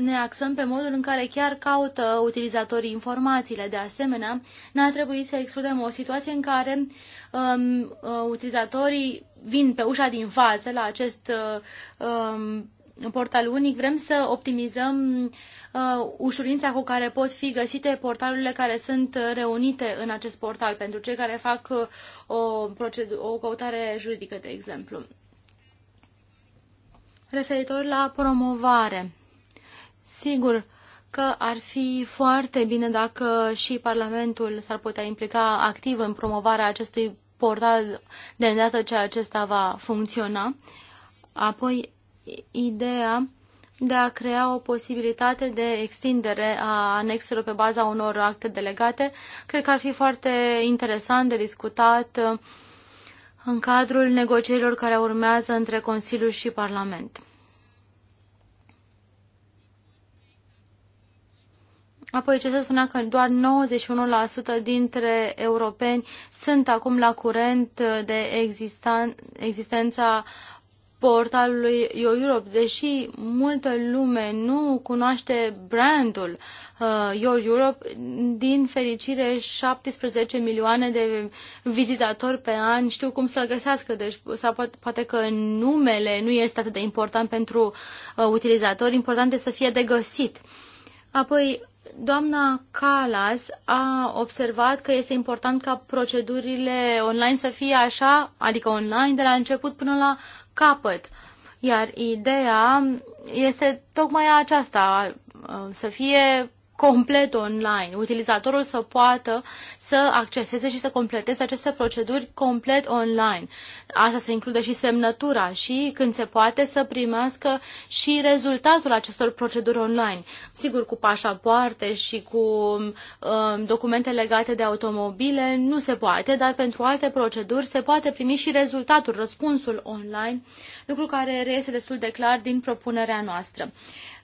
ne axăm pe modul în care chiar caută utilizatorii informațiile. De asemenea, n-ar trebui să excludem o situație în care um, uh, utilizatorii vin pe ușa din față la acest uh, um, portal unic. Vrem să optimizăm uh, uh, ușurința cu care pot fi găsite portalurile care sunt reunite în acest portal pentru cei care fac uh, o, o căutare juridică, de exemplu. Referitor la promovare, sigur că ar fi foarte bine dacă și Parlamentul s-ar putea implica activ în promovarea acestui portal de îndată ce acesta va funcționa. Apoi, ideea de a crea o posibilitate de extindere a anexelor pe baza unor acte delegate. Cred că ar fi foarte interesant de discutat uh, în cadrul negocierilor care urmează între Consiliu și Parlament. Apoi ce se spunea că doar 91% dintre europeni sunt acum la curent de existan existența portalului Europe, deși multă lume nu cunoaște brandul uh, Europe, din fericire 17 milioane de vizitatori pe an știu cum să-l găsească, deci sau poate, poate că numele nu este atât de important pentru uh, utilizatori, important este să fie de găsit. Apoi, doamna Calas a observat că este important ca procedurile online să fie așa, adică online de la început până la capăt. Iar ideea este tocmai aceasta, uh, să fie complet online. Utilizatorul să poată să acceseze și să completeze aceste proceduri complet online. Asta se include și semnătura și, când se poate, să primească și rezultatul acestor proceduri online. Sigur, cu pașapoarte și cu um, documente legate de automobile nu se poate, dar pentru alte proceduri se poate primi și rezultatul, răspunsul online, lucru care reiese destul de clar din propunerea noastră.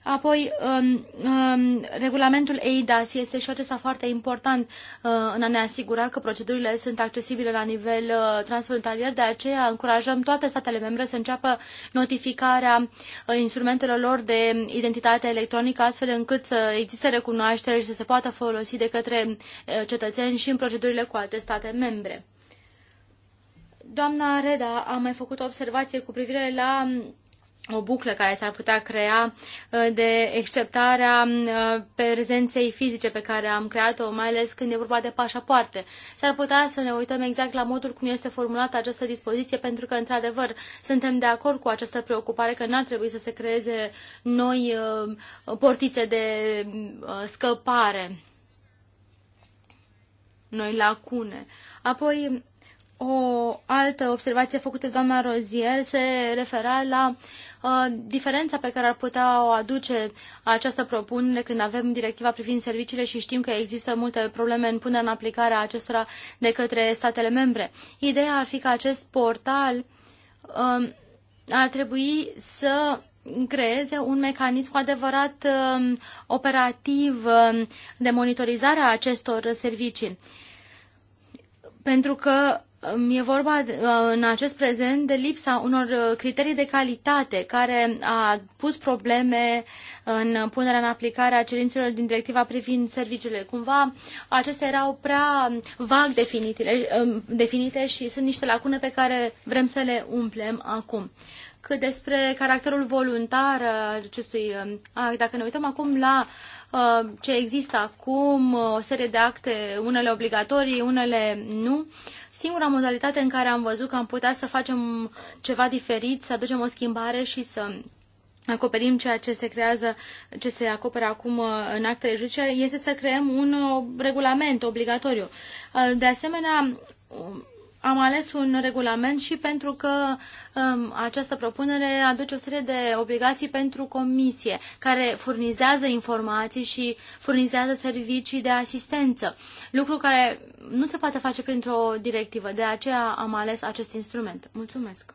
Apoi, um, um, regulamentul EIDAS este și acesta foarte important uh, în a ne asigura că procedurile sunt accesibile la nivel uh, transfrontalier, de aceea încurajăm toate statele membre să înceapă notificarea uh, instrumentelor lor de identitate electronică, astfel încât să existe recunoaștere și să se poată folosi de către uh, cetățeni și în procedurile cu alte state membre. Doamna Reda a mai făcut o observație cu privire la o buclă care s-ar putea crea uh, de exceptarea uh, prezenței fizice pe care am creat-o, mai ales când e vorba de pașapoarte. S-ar putea să ne uităm exact la modul cum este formulată această dispoziție, pentru că, într-adevăr, suntem de acord cu această preocupare că n-ar trebui să se creeze noi uh, portițe de scăpare, noi lacune. Apoi, o altă observație făcută doamna Rozier se refera la uh, diferența pe care ar putea o aduce această propunere când avem directiva privind serviciile și știm că există multe probleme în punerea în aplicare a acestora de către statele membre. Ideea ar fi că acest portal uh, ar trebui să creeze un mecanism cu adevărat uh, operativ uh, de monitorizare a acestor servicii. Pentru că E vorba uh, în acest prezent de lipsa unor uh, criterii de calitate care a pus probleme în punerea în aplicare a cerințelor din directiva privind serviciile. Cumva acestea erau prea vag definite um, și sunt niște lacune pe care vrem să le umplem acum. Cât despre caracterul voluntar acestui um, act, dacă ne uităm acum la uh, ce există acum, o serie de acte, unele obligatorii, unele nu, Singura modalitate în care am văzut că am putea să facem ceva diferit, să aducem o schimbare și să acoperim ceea ce se creează, ce se acoperă acum uh, în actele judiciare, este să creăm un uh, regulament obligatoriu. Uh, de asemenea, am ales un regulament și pentru că um, această propunere aduce o serie de obligații pentru comisie, care furnizează informații și furnizează servicii de asistență, lucru care nu se poate face printr-o directivă. De aceea am ales acest instrument. Mulțumesc!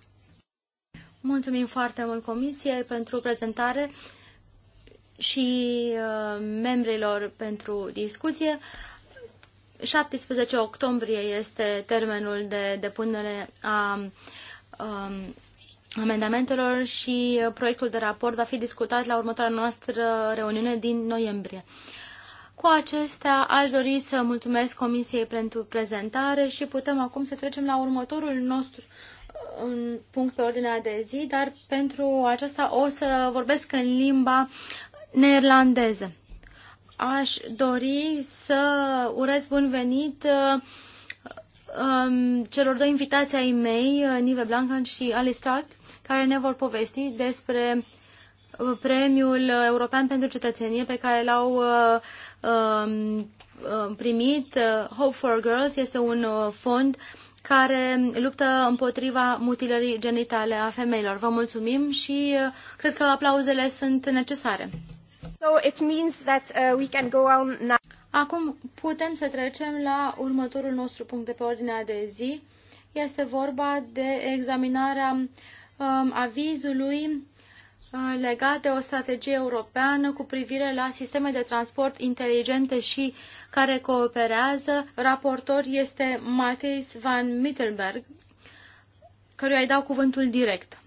Mulțumim foarte mult comisiei pentru prezentare și uh, membrilor pentru discuție. 17 octombrie este termenul de depunere a um, amendamentelor și proiectul de raport va fi discutat la următoarea noastră reuniune din noiembrie. Cu acestea aș dori să mulțumesc Comisiei pentru prezentare și putem acum să trecem la următorul nostru un um, punct pe ordinea de zi, dar pentru aceasta o să vorbesc în limba neerlandeză aș dori să urez bun venit uh, um, celor doi invitații ai mei, uh, Nive Blancan și Alice care ne vor povesti despre uh, premiul european pentru cetățenie pe care l-au um, primit. Hope for Girls este un fond care luptă împotriva mutilării genitale a femeilor. Vă mulțumim și cred că aplauzele sunt necesare. So it means that uh, we can go on now. Acum putem să trecem la următorul nostru punct de pe ordinea de zi. Este vorba de examinarea um, avizului uh, legat de o strategie europeană cu privire la sisteme de transport inteligente și care cooperează. Raportor este Mathis van Mittelberg, căruia îi dau cuvântul direct.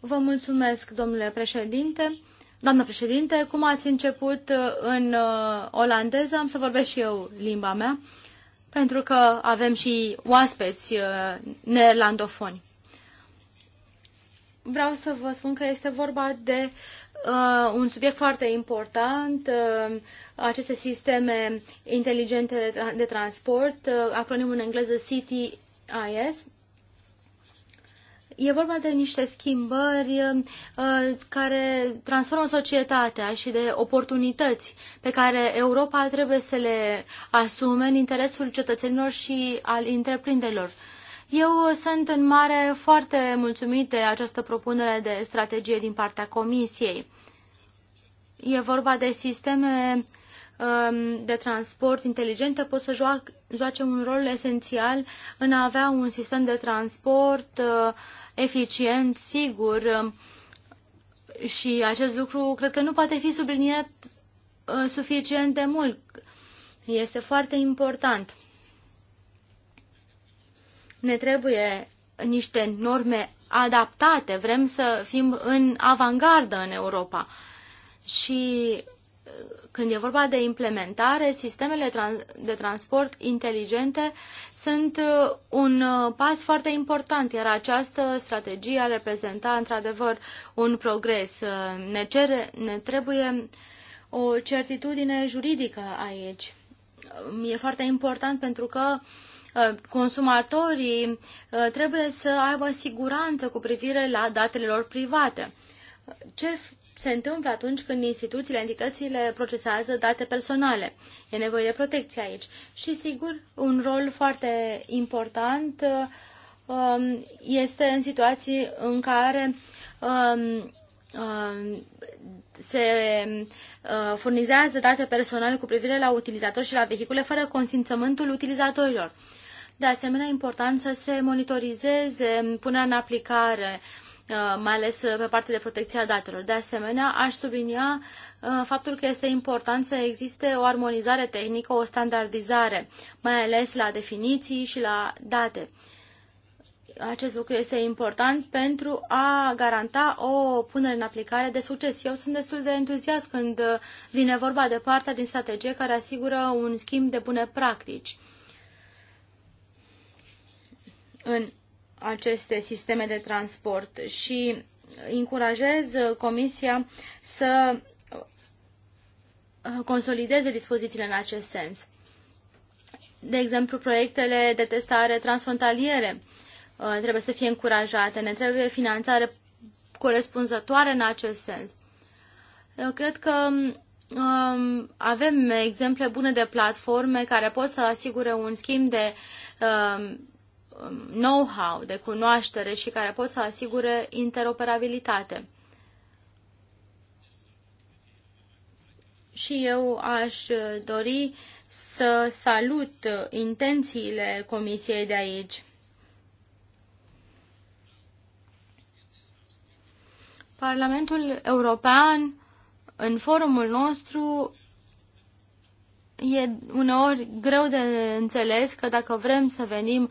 Vă mulțumesc, domnule președinte. Doamnă președinte, cum ați început uh, în uh, olandeză, am să vorbesc și eu limba mea, pentru că avem și oaspeți uh, neerlandofoni. Vreau să vă spun că este vorba de uh, un subiect foarte important, uh, aceste sisteme inteligente de, tra- de transport, uh, acronimul în engleză CTIS, E vorba de niște schimbări uh, care transformă societatea și de oportunități pe care Europa trebuie să le asume în interesul cetățenilor și al întreprinderilor. Eu sunt în mare foarte mulțumit de această propunere de strategie din partea Comisiei. E vorba de sisteme um, de transport inteligente pot să joace un rol esențial în a avea un sistem de transport uh, eficient, sigur și acest lucru cred că nu poate fi subliniat uh, suficient de mult. Este foarte important. Ne trebuie niște norme adaptate, vrem să fim în avangardă în Europa. Și când e vorba de implementare, sistemele de transport inteligente sunt uh, un uh, pas foarte important, iar această strategie ar reprezenta într-adevăr un progres. Uh, ne, cere, ne trebuie o certitudine juridică aici. E foarte important pentru că consumatorii trebuie să aibă siguranță cu privire la datele lor private. Ce se întâmplă atunci când instituțiile, entitățile procesează date personale. E nevoie de protecție aici. Și, sigur, un rol foarte important um, este în situații în care um, um, se uh, furnizează date personale cu privire la utilizatori și la vehicule fără consimțământul utilizatorilor. De asemenea, important să se monitorizeze punerea în aplicare uh, Uh, mai ales uh, pe partea de protecție a datelor. De asemenea, aș sublinia uh, faptul că este important să existe o armonizare tehnică, o standardizare, mai ales la definiții și la date. Acest lucru este important pentru a garanta o punere în aplicare de succes. Eu sunt destul de entuziast când vine vorba de partea din strategie care asigură un schimb de bune practici. În aceste sisteme de transport și încurajez Comisia să uh, consolideze dispozițiile în acest sens. De exemplu, proiectele de testare transfrontaliere uh, trebuie să fie încurajate, ne trebuie finanțare corespunzătoare în acest sens. Eu cred că um, avem exemple bune de platforme care pot să asigure un schimb de um, know-how, de cunoaștere și care pot să asigure interoperabilitate. Și eu aș dori să salut intențiile Comisiei de aici. Parlamentul European, în forumul nostru, e uneori greu de înțeles că dacă vrem să venim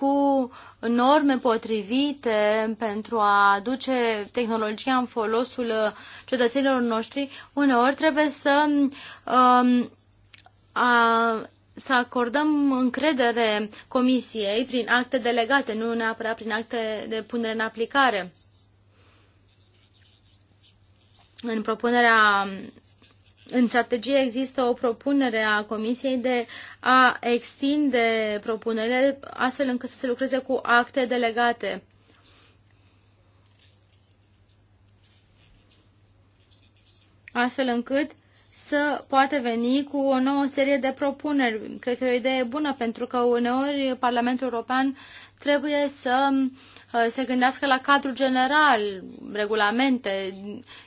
cu norme potrivite pentru a aduce tehnologia în folosul cetățenilor noștri, uneori trebuie să, um, a, să acordăm încredere comisiei prin acte delegate, nu neapărat prin acte de punere în aplicare. În propunerea în strategie există o propunere a Comisiei de a extinde propunerile astfel încât să se lucreze cu acte delegate. Astfel încât să poată veni cu o nouă serie de propuneri. Cred că e o idee bună, pentru că uneori Parlamentul European trebuie să uh, se gândească la cadrul general, regulamente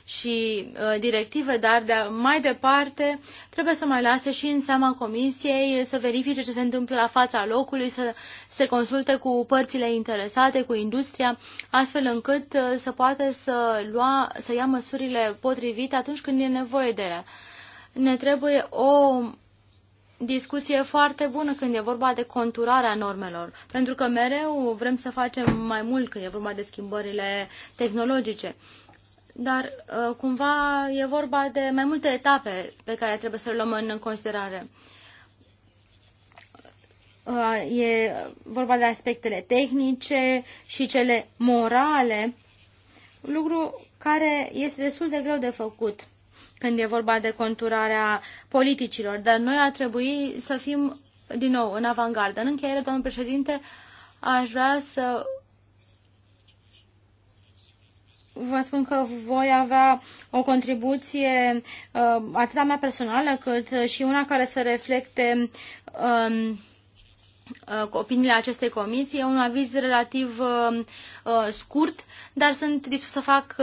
și uh, directive, dar de mai departe trebuie să mai lase și în seama comisiei să verifice ce se întâmplă la fața locului, să se consulte cu părțile interesate, cu industria, astfel încât uh, să poată să, lua, să ia măsurile potrivite atunci când e nevoie de ele ne trebuie o discuție foarte bună când e vorba de conturarea normelor, pentru că mereu vrem să facem mai mult când e vorba de schimbările tehnologice. Dar uh, cumva e vorba de mai multe etape pe care trebuie să le luăm în considerare. Uh, e vorba de aspectele tehnice și cele morale, lucru care este destul de greu de făcut când e vorba de conturarea politicilor, dar noi ar trebui să fim din nou în avangardă. În încheiere, domnul președinte, aș vrea să vă spun că voi avea o contribuție uh, atât a mea personală cât și una care să reflecte um, Uh, opiniile acestei comisii. E un aviz relativ uh, uh, scurt, dar sunt dispus să fac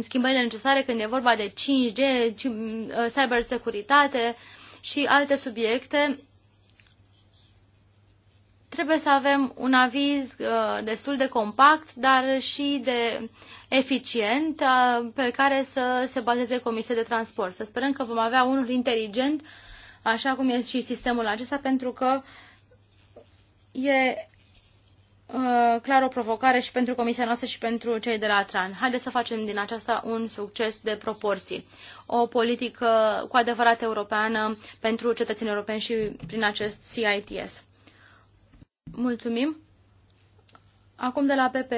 schimbările necesare când e vorba de 5G, cybersecuritate și alte subiecte. Trebuie să avem un aviz destul de compact, dar și de eficient, pe care să se bazeze Comisia de Transport. Să sperăm că vom avea unul inteligent, așa cum este și sistemul acesta, pentru că uh, e uh, clar o provocare și pentru comisia noastră și pentru cei de la TRAN. Haideți să facem din aceasta un succes de proporții. O politică cu adevărat europeană pentru cetățenii europeni și prin acest CITS. Mulțumim. Acum de la PP,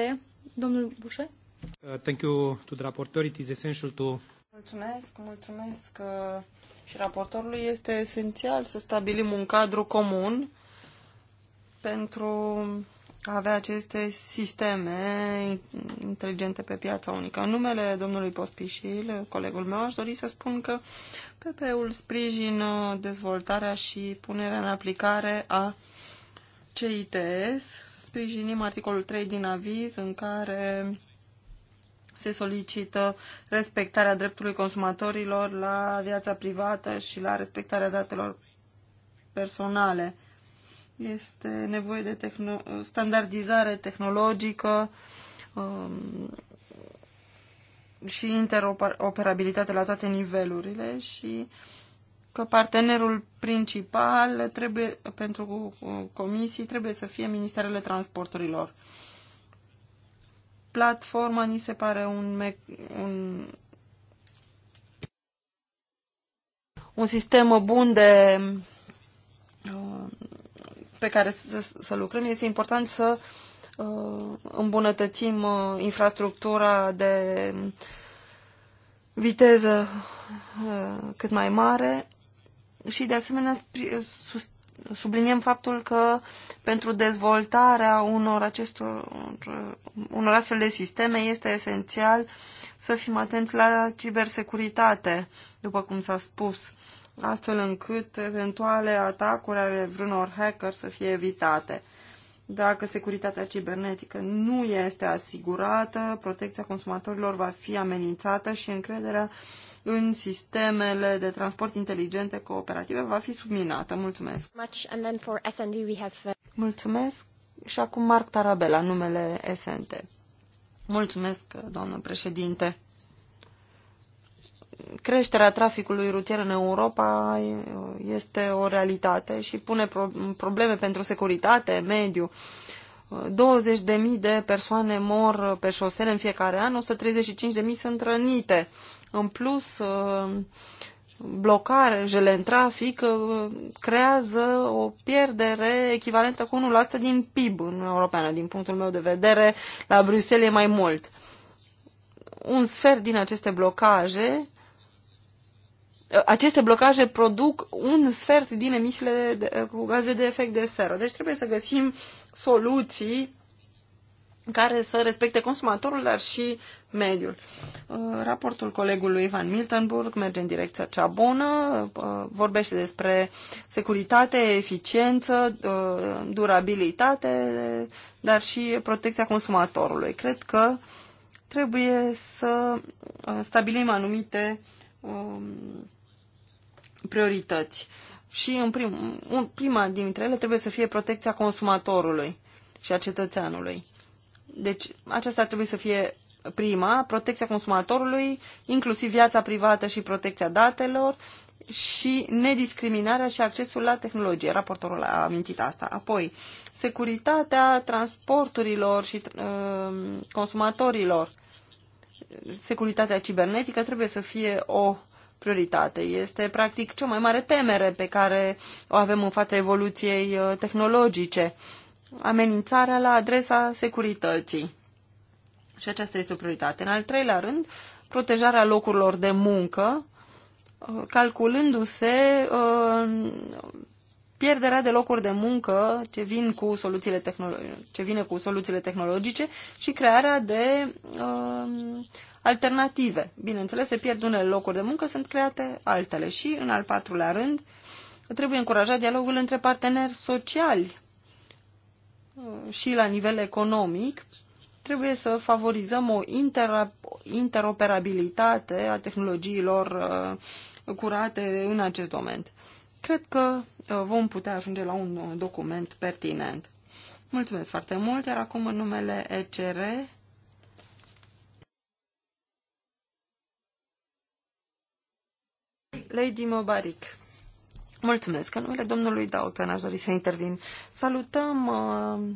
domnul Bușe. Uh, thank you to the raportor. It is essential to... Mulțumesc, mulțumesc. Uh, și raportorului este esențial să stabilim un cadru comun pentru a avea aceste sisteme inteligente pe piața unică. În numele domnului Pospișil, colegul meu, aș dori să spun că PP-ul sprijină dezvoltarea și punerea în aplicare a CITS. Sprijinim articolul 3 din aviz în care se solicită respectarea dreptului consumatorilor la viața privată și la respectarea datelor personale. Este nevoie de tehno- standardizare tehnologică um, și interoperabilitate la toate nivelurile și că partenerul principal trebuie, pentru uh, comisii trebuie să fie Ministerele Transporturilor. Platforma ni se pare un, un, un sistem bun de uh, pe care să, să lucrăm, este important să uh, îmbunătățim uh, infrastructura de viteză uh, cât mai mare și de asemenea subliniem faptul că pentru dezvoltarea unor, acestor, unor astfel de sisteme este esențial să fim atenți la cibersecuritate, după cum s-a spus astfel încât eventuale atacuri ale vreunor hacker să fie evitate. Dacă securitatea cibernetică nu este asigurată, protecția consumatorilor va fi amenințată și încrederea în sistemele de transport inteligente cooperative va fi subminată. Mulțumesc! Uh, Mulțumesc și acum Marc Tarabela, numele SNT. Mulțumesc, doamnă președinte! creșterea traficului rutier în Europa este o realitate și pune probleme pentru securitate, mediu. 20.000 de persoane mor pe șosele în fiecare an, 135.000 sunt rănite. În plus, blocajele în trafic creează o pierdere echivalentă cu 1% din PIB în Europeană. Din punctul meu de vedere, la Bruxelles e mai mult. Un sfert din aceste blocaje aceste blocaje produc un sfert din emisiile de, cu gaze de efect de seră. Deci trebuie să găsim soluții care să respecte consumatorul, dar și mediul. Uh, raportul colegului Ivan Miltenburg merge în direcția cea bună, uh, vorbește despre securitate, eficiență, uh, durabilitate, dar și protecția consumatorului. Cred că trebuie să stabilim anumite um, priorități. Și în prim, un, prima dintre ele trebuie să fie protecția consumatorului și a cetățeanului. Deci aceasta ar trebui să fie prima, protecția consumatorului, inclusiv viața privată și protecția datelor și nediscriminarea și accesul la tehnologie. Raportorul a amintit asta. Apoi, securitatea transporturilor și uh, consumatorilor, securitatea cibernetică trebuie să fie o prioritate. Este practic cea mai mare temere pe care o avem în fața evoluției uh, tehnologice, amenințarea la adresa securității. Și aceasta este o prioritate. În al treilea rând, protejarea locurilor de muncă, uh, calculându-se uh, pierderea de locuri de muncă ce, vin cu soluțiile ce vine cu soluțiile tehnologice și crearea de uh, alternative. Bineînțeles, se pierd unele locuri de muncă, sunt create altele. Și, în al patrulea rând, trebuie încurajat dialogul între parteneri sociali uh, și la nivel economic. Trebuie să favorizăm o interoperabilitate a tehnologiilor uh, curate în acest moment. Cred că uh, vom putea ajunge la un document pertinent. Mulțumesc foarte mult, iar acum în numele ECR Lady Mobaric. Mulțumesc. În numele domnului Dautan aș dori să intervin. Salutăm uh,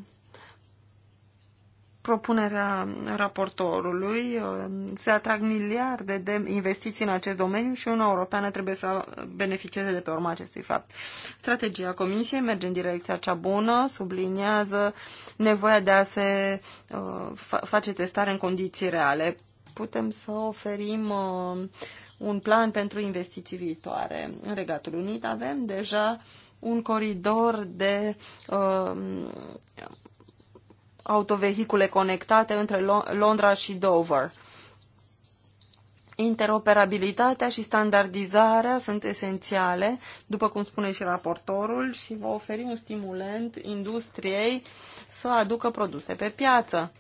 propunerea raportorului. Uh, se atrag miliarde de investiții în acest domeniu și Uniunea Europeană trebuie să beneficieze de pe urma acestui fapt. Strategia Comisiei merge în direcția cea bună, subliniază nevoia de a se uh, face testare în condiții reale. Putem să oferim uh, un plan pentru investiții viitoare. În Regatul Unit avem deja un coridor de uh, autovehicule conectate între Londra și Dover. Interoperabilitatea și standardizarea sunt esențiale, după cum spune și raportorul, și va oferi un stimulent industriei să aducă produse pe piață.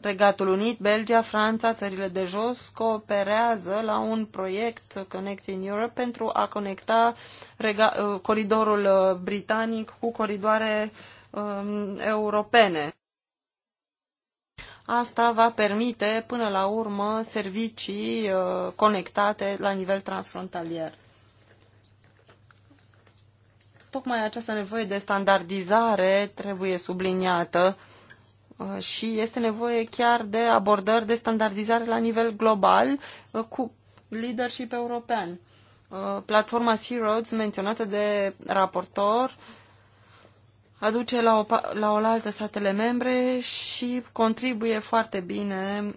Regatul Unit, Belgia, Franța, țările de jos cooperează la un proiect Connecting Europe pentru a conecta rega- uh, coridorul uh, britanic cu coridoare um, europene. Asta va permite până la urmă servicii uh, conectate la nivel transfrontalier. Tocmai această nevoie de standardizare trebuie subliniată uh, Uh, și este nevoie chiar de abordări de standardizare la nivel global uh, cu leadership european. Uh, platforma Sea Roads, menționată de raportor, aduce la, o, la oaltă statele membre și contribuie foarte bine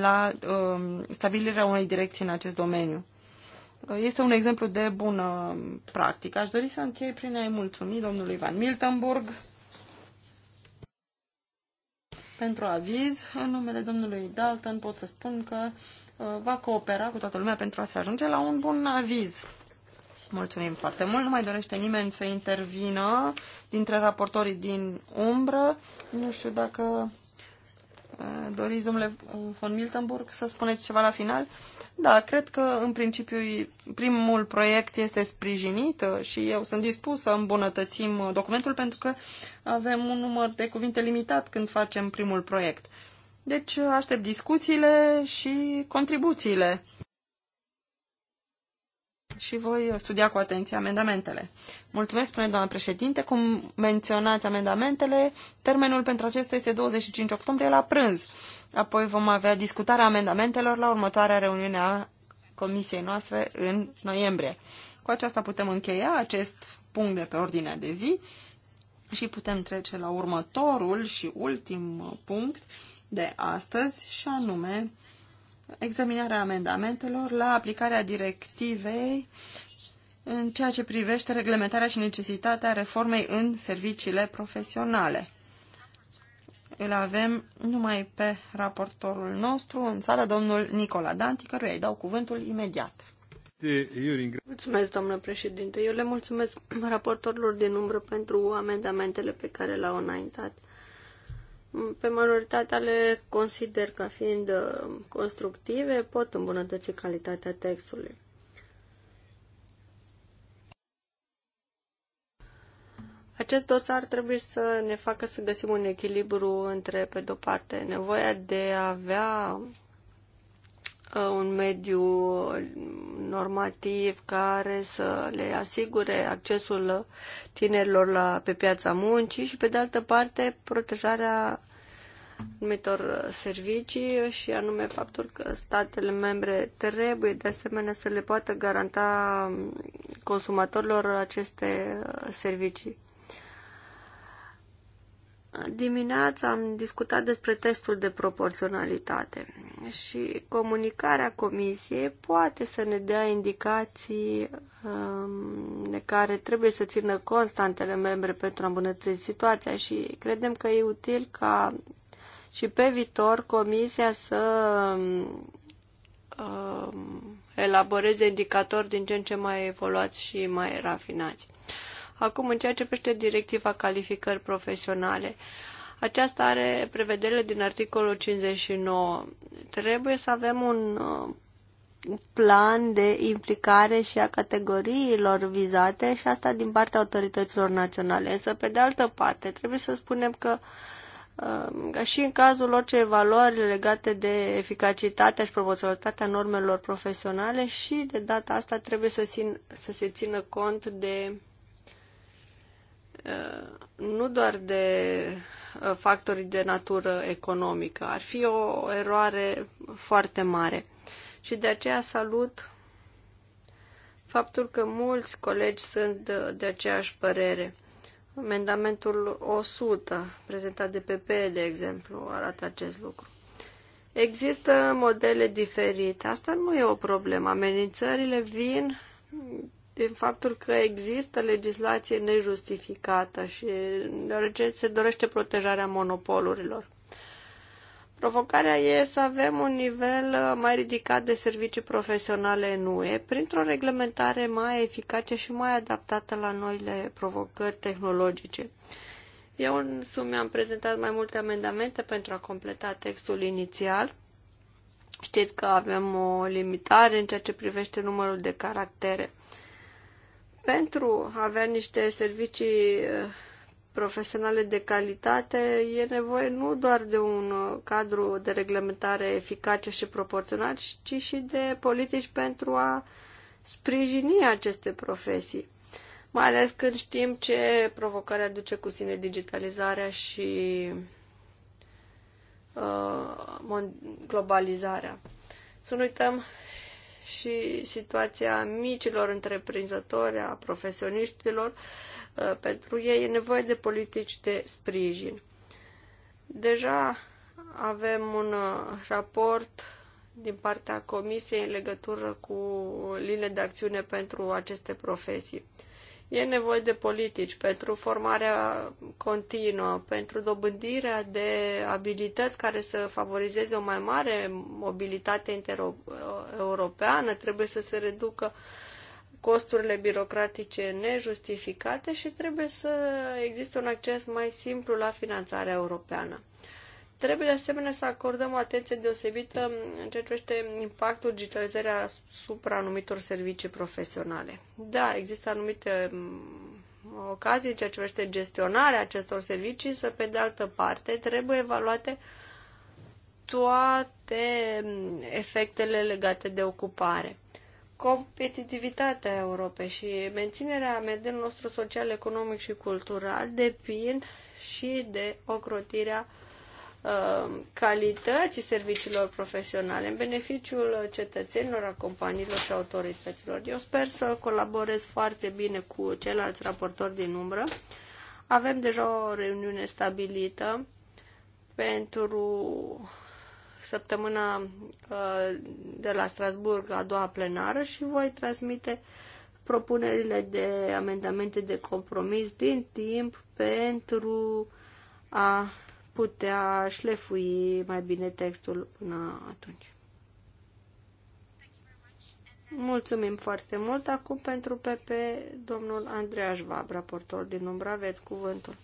la um, stabilirea unei direcții în acest domeniu. Este un exemplu de bună practică. Aș dori să închei prin a-i mulțumi domnului Van Miltenburg pentru aviz. În numele domnului Dalton pot să spun că uh, va coopera cu toată lumea pentru a se ajunge la un bun aviz. Mulțumim foarte mult. Nu mai dorește nimeni să intervină dintre raportorii din umbră. Nu știu dacă Eh, doriți, domnule von Miltenburg, să spuneți ceva la final? Da, cred că în principiu primul proiect este sprijinit eh, și eu sunt dispus să îmbunătățim documentul pentru că avem un număr de cuvinte limitat când facem primul proiect. Deci aștept discuțiile și contribuțiile și voi studia cu atenție amendamentele. Mulțumesc, spune doamna președinte. Cum menționați amendamentele, termenul pentru acesta este 25 octombrie la prânz. Apoi vom avea discutarea amendamentelor la următoarea reuniune a comisiei noastre în noiembrie. Cu aceasta putem încheia acest punct de pe ordinea de zi și putem trece la următorul și ultim punct de astăzi și anume examinarea amendamentelor la aplicarea directivei în ceea ce privește reglementarea și necesitatea reformei în serviciile profesionale. Îl avem numai pe raportorul nostru în sală, domnul Nicola Danti, căruia îi dau cuvântul imediat. Mulțumesc, domnule președinte. Eu le mulțumesc raportorilor din umbră pentru amendamentele pe care le-au înaintat. Pe majoritatea le consider ca fiind uh, constructive, pot îmbunătăți calitatea textului. Acest dosar trebuie să ne facă să găsim un echilibru între, pe de-o parte, nevoia de a avea Uh, un mediu normativ care să le asigure accesul tinerilor la, pe piața muncii și, pe de altă parte, protejarea anumitor servicii și anume faptul că statele membre trebuie de asemenea să le poată garanta consumatorilor aceste uh, servicii. Dimineața am discutat despre testul de proporționalitate și comunicarea comisiei poate să ne dea indicații um, de care trebuie să țină constantele membre pentru a îmbunătăți situația și credem că e util ca și pe viitor comisia să um, elaboreze indicatori din ce în ce mai evoluați și mai rafinați. Acum, în ceea ce privește directiva calificări profesionale, aceasta are prevederile din articolul 59. Trebuie să avem un uh, plan de implicare și a categoriilor vizate și asta din partea autorităților naționale. Însă, pe de altă parte, trebuie să spunem uh, că și în cazul orice evaluări legate de eficacitatea și proporționalitatea normelor profesionale și de data asta trebuie să, țin, să se țină cont de Uh, nu doar de uh, factorii de natură economică. Ar fi o eroare foarte mare. Și de aceea salut faptul că mulți colegi sunt de aceeași părere. Amendamentul 100, prezentat de PP, de exemplu, arată acest lucru. Există modele diferite. Asta nu e o problemă. Amenințările vin din faptul că există legislație nejustificată și deoarece se dorește protejarea monopolurilor. Provocarea e să avem un nivel uh, mai ridicat de servicii profesionale în UE, printr-o reglementare mai eficace și mai adaptată la noile provocări tehnologice. Eu însumi am prezentat mai multe amendamente pentru a completa textul inițial. Știți că avem o limitare în ceea ce privește numărul de caractere. Pentru a avea niște servicii eh, profesionale de calitate, e nevoie nu doar de un eh, cadru de reglementare eficace și proporțional, ci și de politici pentru a sprijini aceste profesii. Mai ales când știm ce provocare aduce cu sine digitalizarea și uh, globalizarea. Să nu uităm și situația micilor întreprinzători, a profesioniștilor. Uh, pentru ei e nevoie de politici de sprijin. Deja avem un uh, raport din partea Comisiei în legătură cu linile de acțiune pentru aceste profesii. E nevoie de politici pentru formarea continuă, pentru dobândirea de abilități care să favorizeze o mai mare mobilitate intereuropeană, trebuie să se reducă costurile birocratice nejustificate și trebuie să existe un acces mai simplu la finanțarea europeană. Trebuie de asemenea să acordăm atenție deosebită în ce privește impactul digitalizării asupra anumitor servicii profesionale. Da, există anumite mm, ocazii în ceea ce privește gestionarea acestor servicii, să pe de altă parte trebuie evaluate toate mm, efectele legate de ocupare. Competitivitatea Europei și menținerea mediului nostru social, economic și cultural depind și de ocrotirea Uh, calității serviciilor profesionale, în beneficiul cetățenilor, a companiilor și autorităților. Eu sper să colaborez foarte bine cu ceilalți raportori din umbră. Avem deja o reuniune stabilită pentru săptămâna uh, de la Strasburg, a doua plenară, și voi transmite propunerile de amendamente de compromis din timp pentru a putea șlefui mai bine textul până atunci. Mulțumim foarte mult. Acum pentru PP, domnul Andreea Schwab, raportor din Umbra, aveți cuvântul.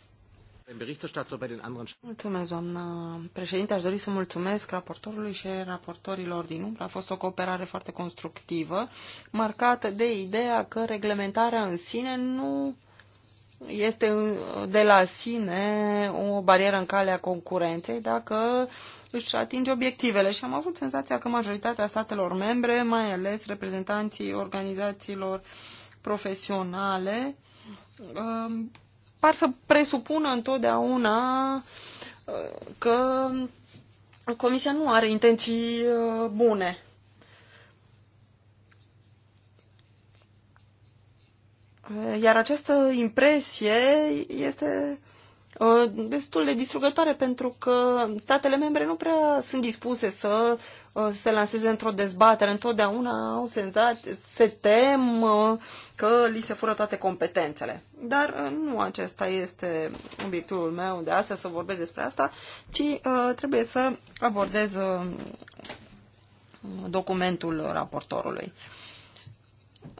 Mulțumesc, doamnă președinte. Aș dori să mulțumesc raportorului și raportorilor din umbră. A fost o cooperare foarte constructivă, marcată de ideea că reglementarea în sine nu este de la sine o barieră în calea concurenței dacă își atinge obiectivele. Și am avut senzația că majoritatea statelor membre, mai ales reprezentanții organizațiilor profesionale, um, par să presupună întotdeauna uh, că Comisia nu are intenții uh, bune. Iar această impresie este uh, destul de distrugătoare pentru că statele membre nu prea sunt dispuse să uh, se lanseze într-o dezbatere. Întotdeauna au senzat, se tem uh, că li se fură toate competențele. Dar nu acesta este obiectivul meu de astăzi să vorbesc despre asta, ci trebuie să abordez documentul raportorului.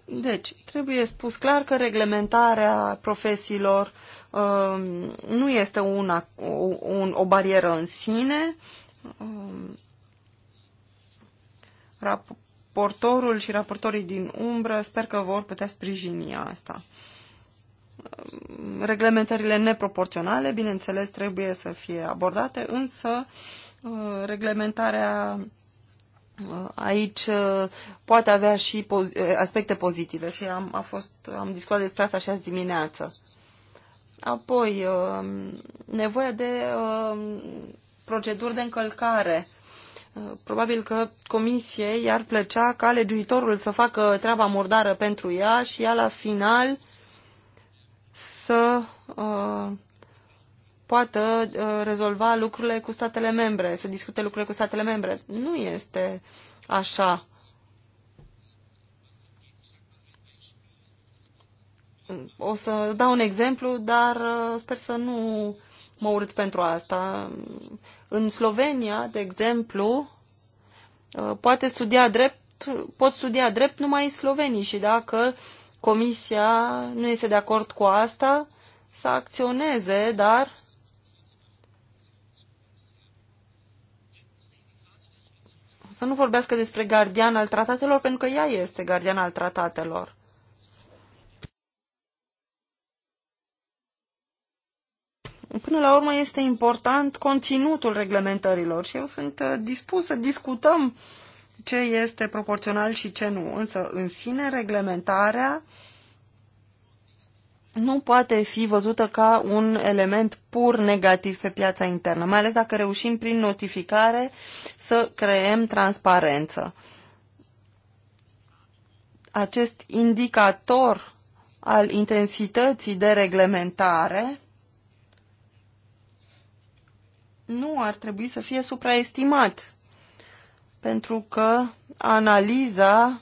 Deci, trebuie spus clar că reglementarea profesiilor uh, nu este una, o, un, o barieră în sine. Uh, raportorul și raportorii din umbră sper că vor putea sprijini asta. Uh, reglementările neproporționale, bineînțeles, trebuie să fie abordate, însă uh, reglementarea aici uh, poate avea și uh, aspecte pozitive și am, a fost, am discutat despre asta și azi dimineață. Apoi, um, nevoia de um, proceduri de încălcare. Uh, probabil că comisiei i-ar plăcea ca legiuitorul să facă treaba murdară pentru ea și ea la final să poată uh, rezolva lucrurile cu statele membre, să discute lucrurile cu statele membre. Nu este așa. O să dau un exemplu, dar uh, sper să nu mă urâți pentru asta. În Slovenia, de exemplu, uh, poate studia drept, pot studia drept numai slovenii și dacă comisia nu este de acord cu asta, să acționeze, dar să nu vorbească despre gardian al tratatelor, pentru că ea este gardian al tratatelor. Până la urmă este important conținutul reglementărilor și eu sunt uh, dispus să discutăm ce este proporțional și ce nu. Însă, în sine, reglementarea nu poate fi văzută ca un element pur negativ pe piața internă, mai ales dacă reușim prin notificare să creăm transparență. Acest indicator al intensității de reglementare nu ar trebui să fie supraestimat, pentru că analiza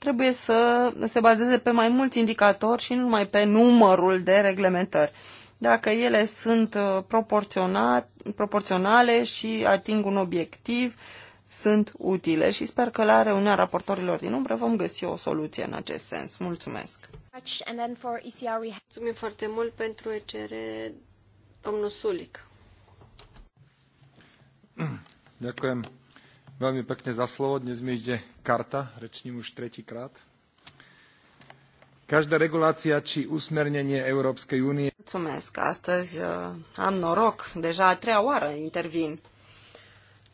trebuie să se bazeze pe mai mulți indicatori și nu numai pe numărul de reglementări. Dacă ele sunt uh, proporționale și ating un obiectiv, sunt utile și sper că la reuniunea raportorilor din umbră vom găsi o soluție în acest sens. Mulțumesc! Mulțumim foarte mult pentru ECR, domnul Sulic. Ďakujem veľmi pekne za slovo. Dnes mi ide karta, rečním už tretíkrát. Každá regulația či usmernenie Európskej únie... Mulțumesc, astăzi uh, am noroc, deja a treia oară intervin.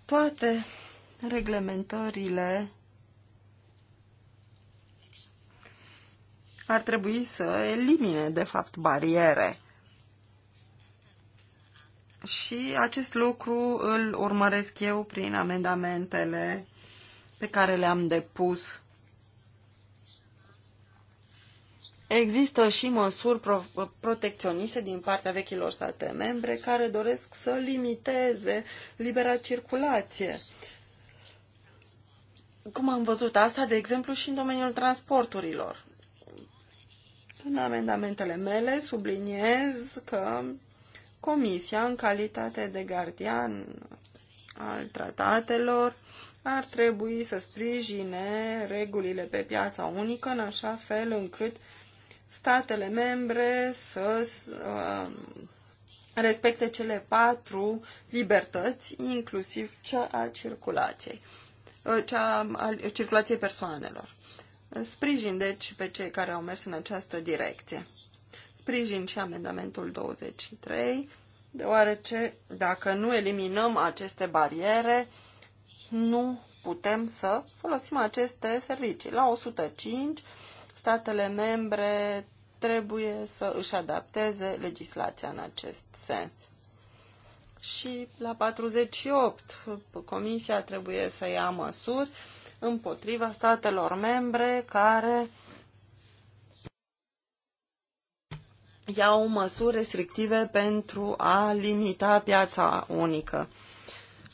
Toate reglementările ar trebui să elimine, de fapt, bariere. Și acest lucru îl urmăresc eu prin amendamentele pe care le-am depus. Există și măsuri pro protecționiste din partea vechilor state membre care doresc să limiteze libera circulație. Cum am văzut asta, de exemplu, și în domeniul transporturilor. În amendamentele mele subliniez că Comisia, în calitate de gardian al tratatelor, ar trebui să sprijine regulile pe piața unică în așa fel încât statele membre să uh, respecte cele patru libertăți, inclusiv cea a circulației, uh, cea a circulației persoanelor. Sprijin, deci, pe cei care au mers în această direcție. Sprijin și amendamentul 23, deoarece dacă nu eliminăm aceste bariere, nu putem să folosim aceste servicii. La 105, statele membre trebuie să își adapteze legislația în acest sens. Și la 48, Comisia trebuie să ia măsuri împotriva statelor membre care iau măsuri restrictive pentru a limita piața unică.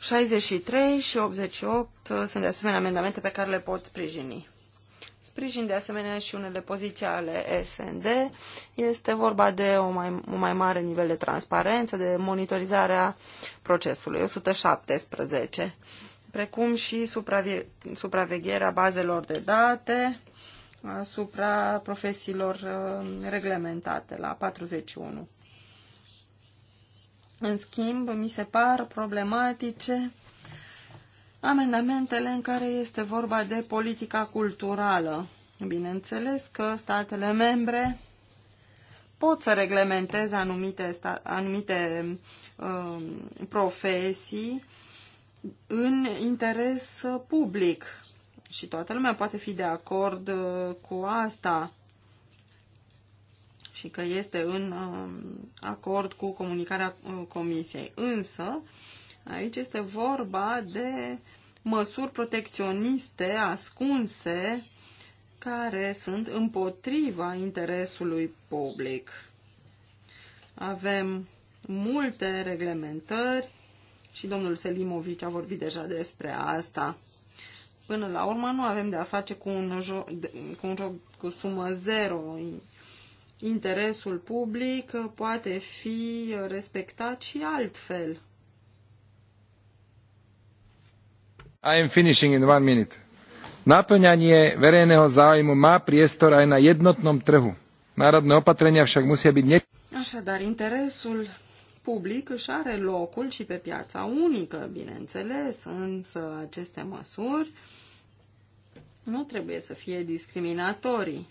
63 și 88 uh, sunt de asemenea amendamente pe care le pot sprijini. Sprijin de asemenea și unele poziții ale SND. Este vorba de o mai, un mai mare nivel de transparență, de monitorizarea procesului, 117, precum și supravie, supravegherea bazelor de date asupra profesiilor uh, reglementate la 41. În schimb, mi se par problematice amendamentele în care este vorba de politica culturală. Bineînțeles că statele membre pot să reglementeze anumite, anumite um, profesii în interes public. Și toată lumea poate fi de acord uh, cu asta și că este în um, acord cu comunicarea uh, Comisiei. Însă, aici este vorba de măsuri protecționiste ascunse care sunt împotriva interesului public. Avem multe reglementări și domnul Selimovic a vorbit deja despre asta. Până la urmă nu avem de a face cu un joc cu, un joc cu sumă zero interesul public poate fi respectat și altfel. I am finishing in one minute. Naplňanie verejného záujmu má priestor aj na jednotnom trhu. Národné opatrenia však musia byť... Ne... Așadar, interesul public își are locul și pe piața unică, bineînțeles, însă aceste măsuri nu trebuie să fie discriminatorii.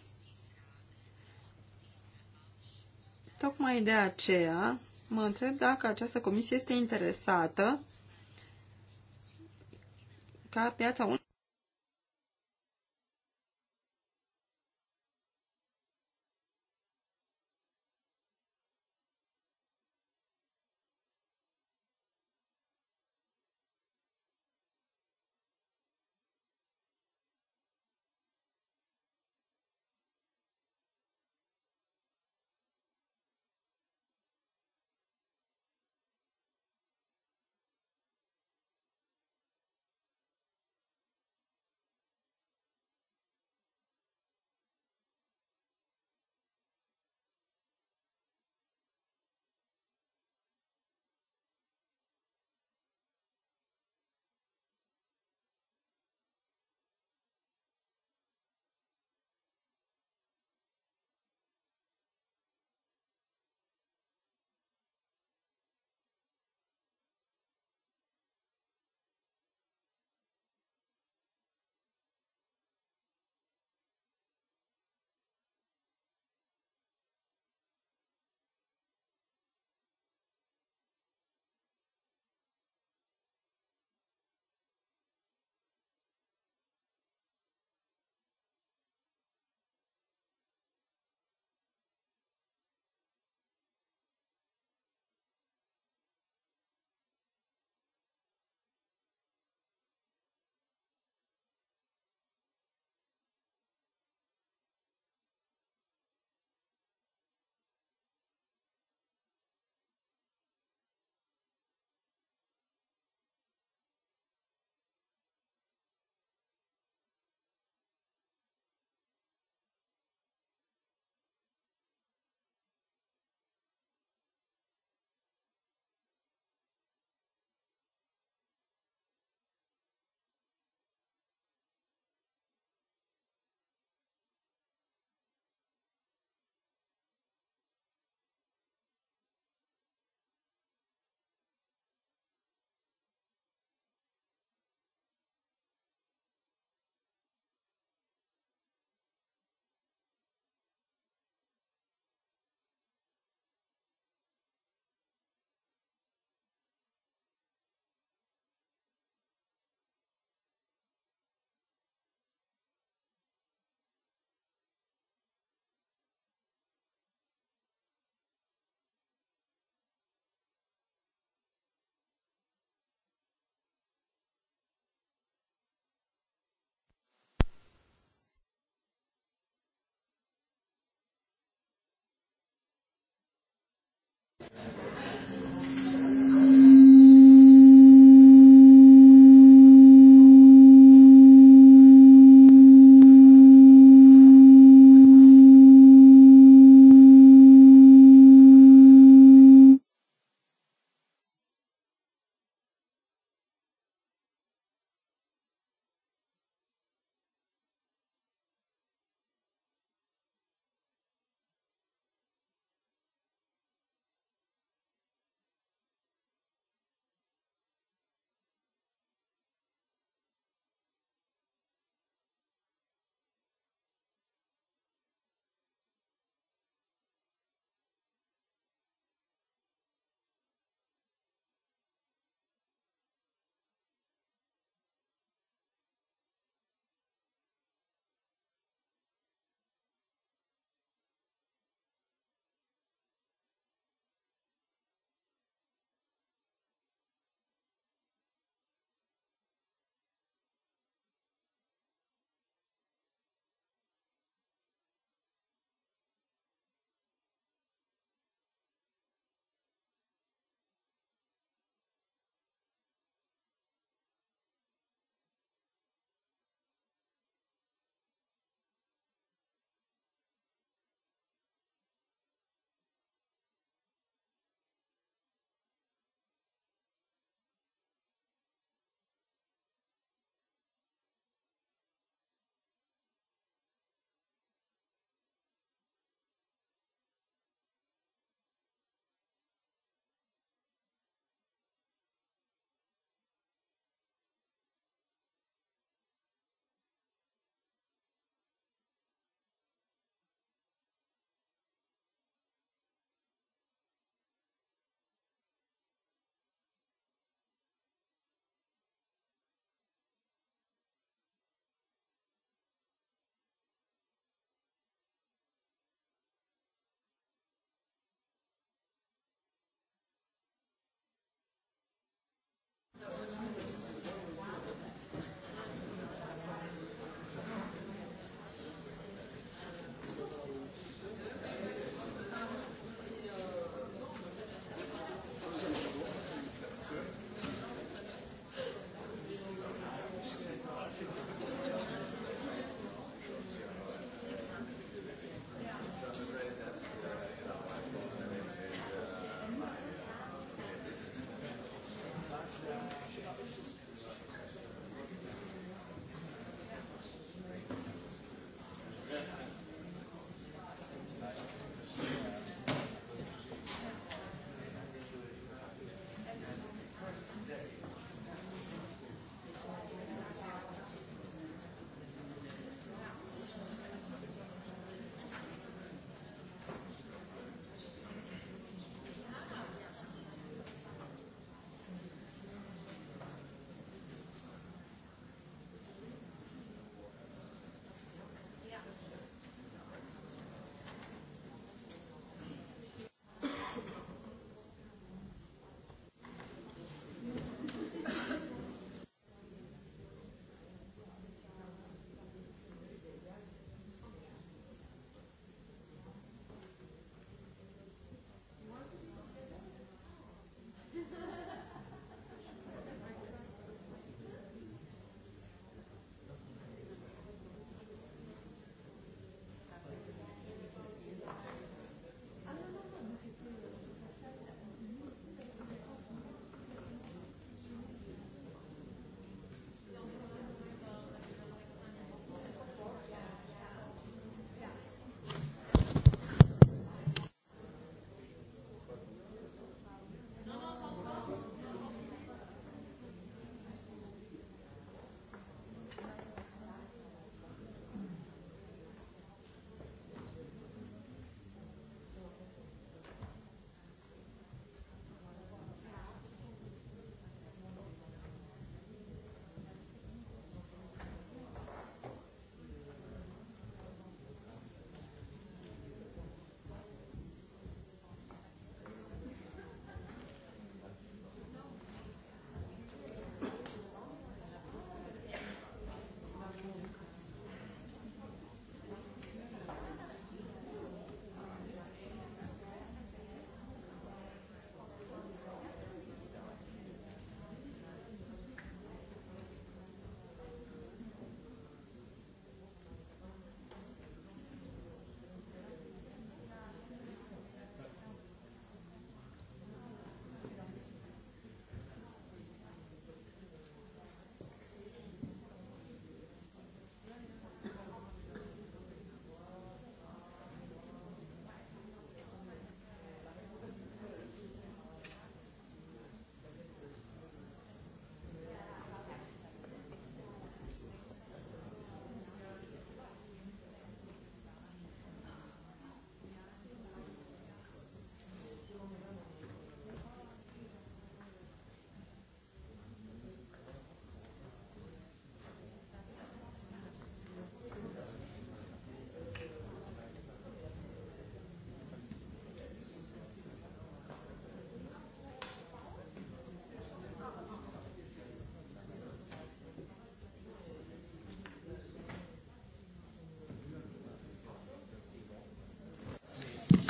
Tocmai de aceea mă întreb dacă această comisie este interesată ca piața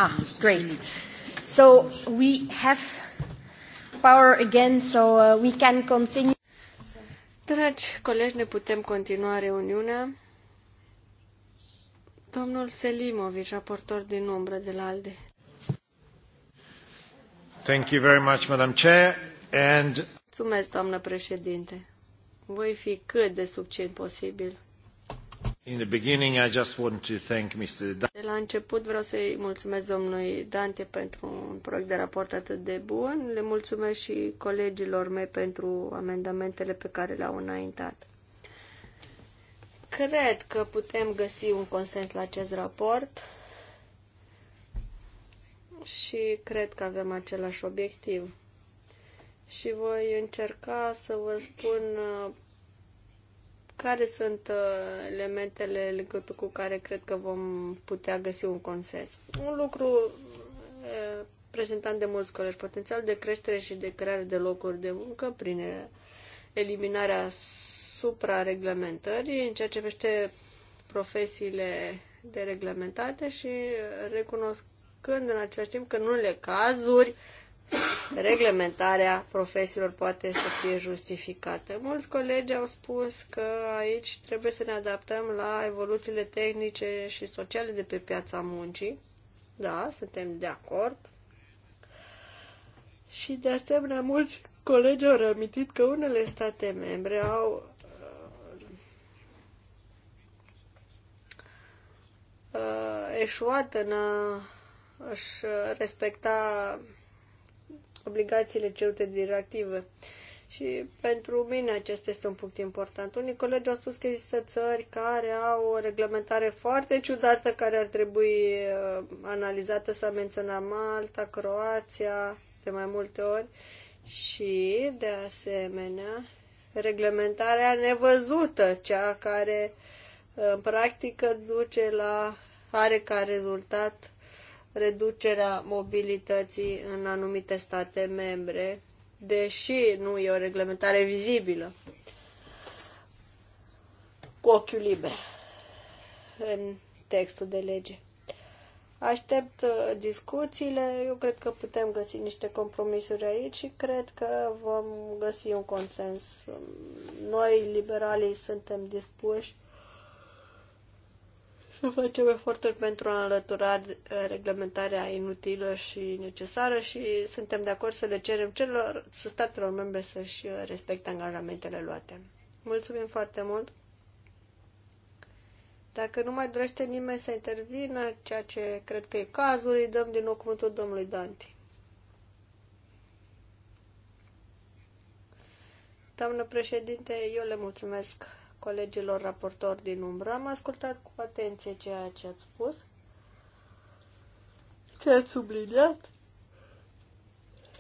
Ah, great. So we have power again, so uh, we can continue. Dragi colegi, ne putem continua reuniunea. Domnul Selimovic, raportor din umbră de la ALDE. Thank you very much, Madam Chair, and... Mulțumesc, doamnă președinte. Voi fi cât de subțin posibil. In the beginning, I just want to thank Mr. La început vreau să-i mulțumesc domnului Dante pentru un proiect de raport atât de bun. Le mulțumesc și colegilor mei pentru amendamentele pe care le-au înaintat. Cred că putem găsi un consens la acest raport și cred că avem același obiectiv. Și voi încerca să vă spun care sunt uh, elementele legături cu care cred că vom putea găsi un consens. Un lucru uh, prezentat de mulți colegi, potențial de creștere și de creare de locuri de muncă prin uh, eliminarea suprareglementării în ceea ce privește profesiile de reglementate și uh, recunoscând în același timp că în unele cazuri uh, reglementarea profesiilor poate să fie justificată. Mulți colegi au spus că aici trebuie să ne adaptăm la evoluțiile tehnice și sociale de pe piața muncii. Da, suntem de acord. Și de asemenea, mulți colegi au reamintit că unele state membre au uh, eșuat în a-și respecta obligațiile cerute de directivă. Și pentru mine acesta este un punct important. Unii colegi au spus că există țări care au o reglementare foarte ciudată care ar trebui uh, analizată, s-a menționat Malta, Croația de mai multe ori și, de asemenea, reglementarea nevăzută, cea care uh, în practică duce la, are ca rezultat reducerea mobilității în anumite state membre, deși nu e o reglementare vizibilă cu ochiul liber în textul de lege. Aștept uh, discuțiile, eu cred că putem găsi niște compromisuri aici și cred că vom găsi un consens. Noi, liberalii, suntem dispuși nu facem eforturi pentru a înlătura eh, reglementarea inutilă și necesară și suntem de acord să le cerem celor, să statelor membre să-și eh, respecte angajamentele luate. Mulțumim foarte mult! Dacă nu mai dorește nimeni să intervină, ceea ce cred că e cazul, îi dăm din nou cuvântul domnului Danti. Doamnă președinte, eu le mulțumesc colegilor raportori din umbră. Am ascultat cu atenție ceea ce ați spus, ce ați subliniat.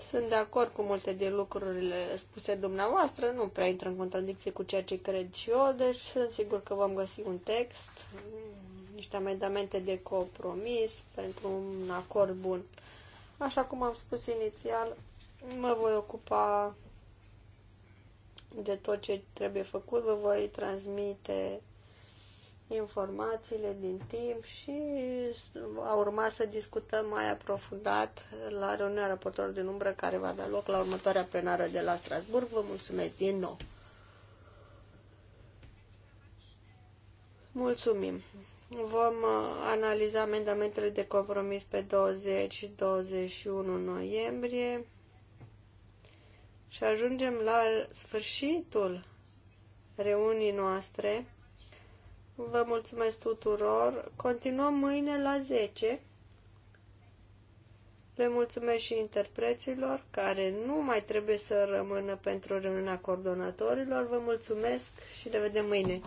Sunt de acord cu multe din lucrurile spuse dumneavoastră, nu prea intră în contradicție cu ceea ce cred și eu, deci sunt sigur că vom găsi un text, niște amendamente de compromis pentru un acord bun. Așa cum am spus inițial, mă voi ocupa de tot ce trebuie făcut. Vă voi transmite informațiile din timp și a urma să discutăm mai aprofundat la reuniunea raportorului din umbră care va da loc la următoarea plenară de la Strasburg. Vă mulțumesc din nou! Mulțumim! Vom uh, analiza amendamentele de compromis pe 20 și 21 noiembrie și ajungem la sfârșitul reunii noastre. Vă mulțumesc tuturor. Continuăm mâine la 10. Le mulțumesc și interpreților care nu mai trebuie să rămână pentru reuniunea coordonatorilor. Vă mulțumesc și ne vedem mâine.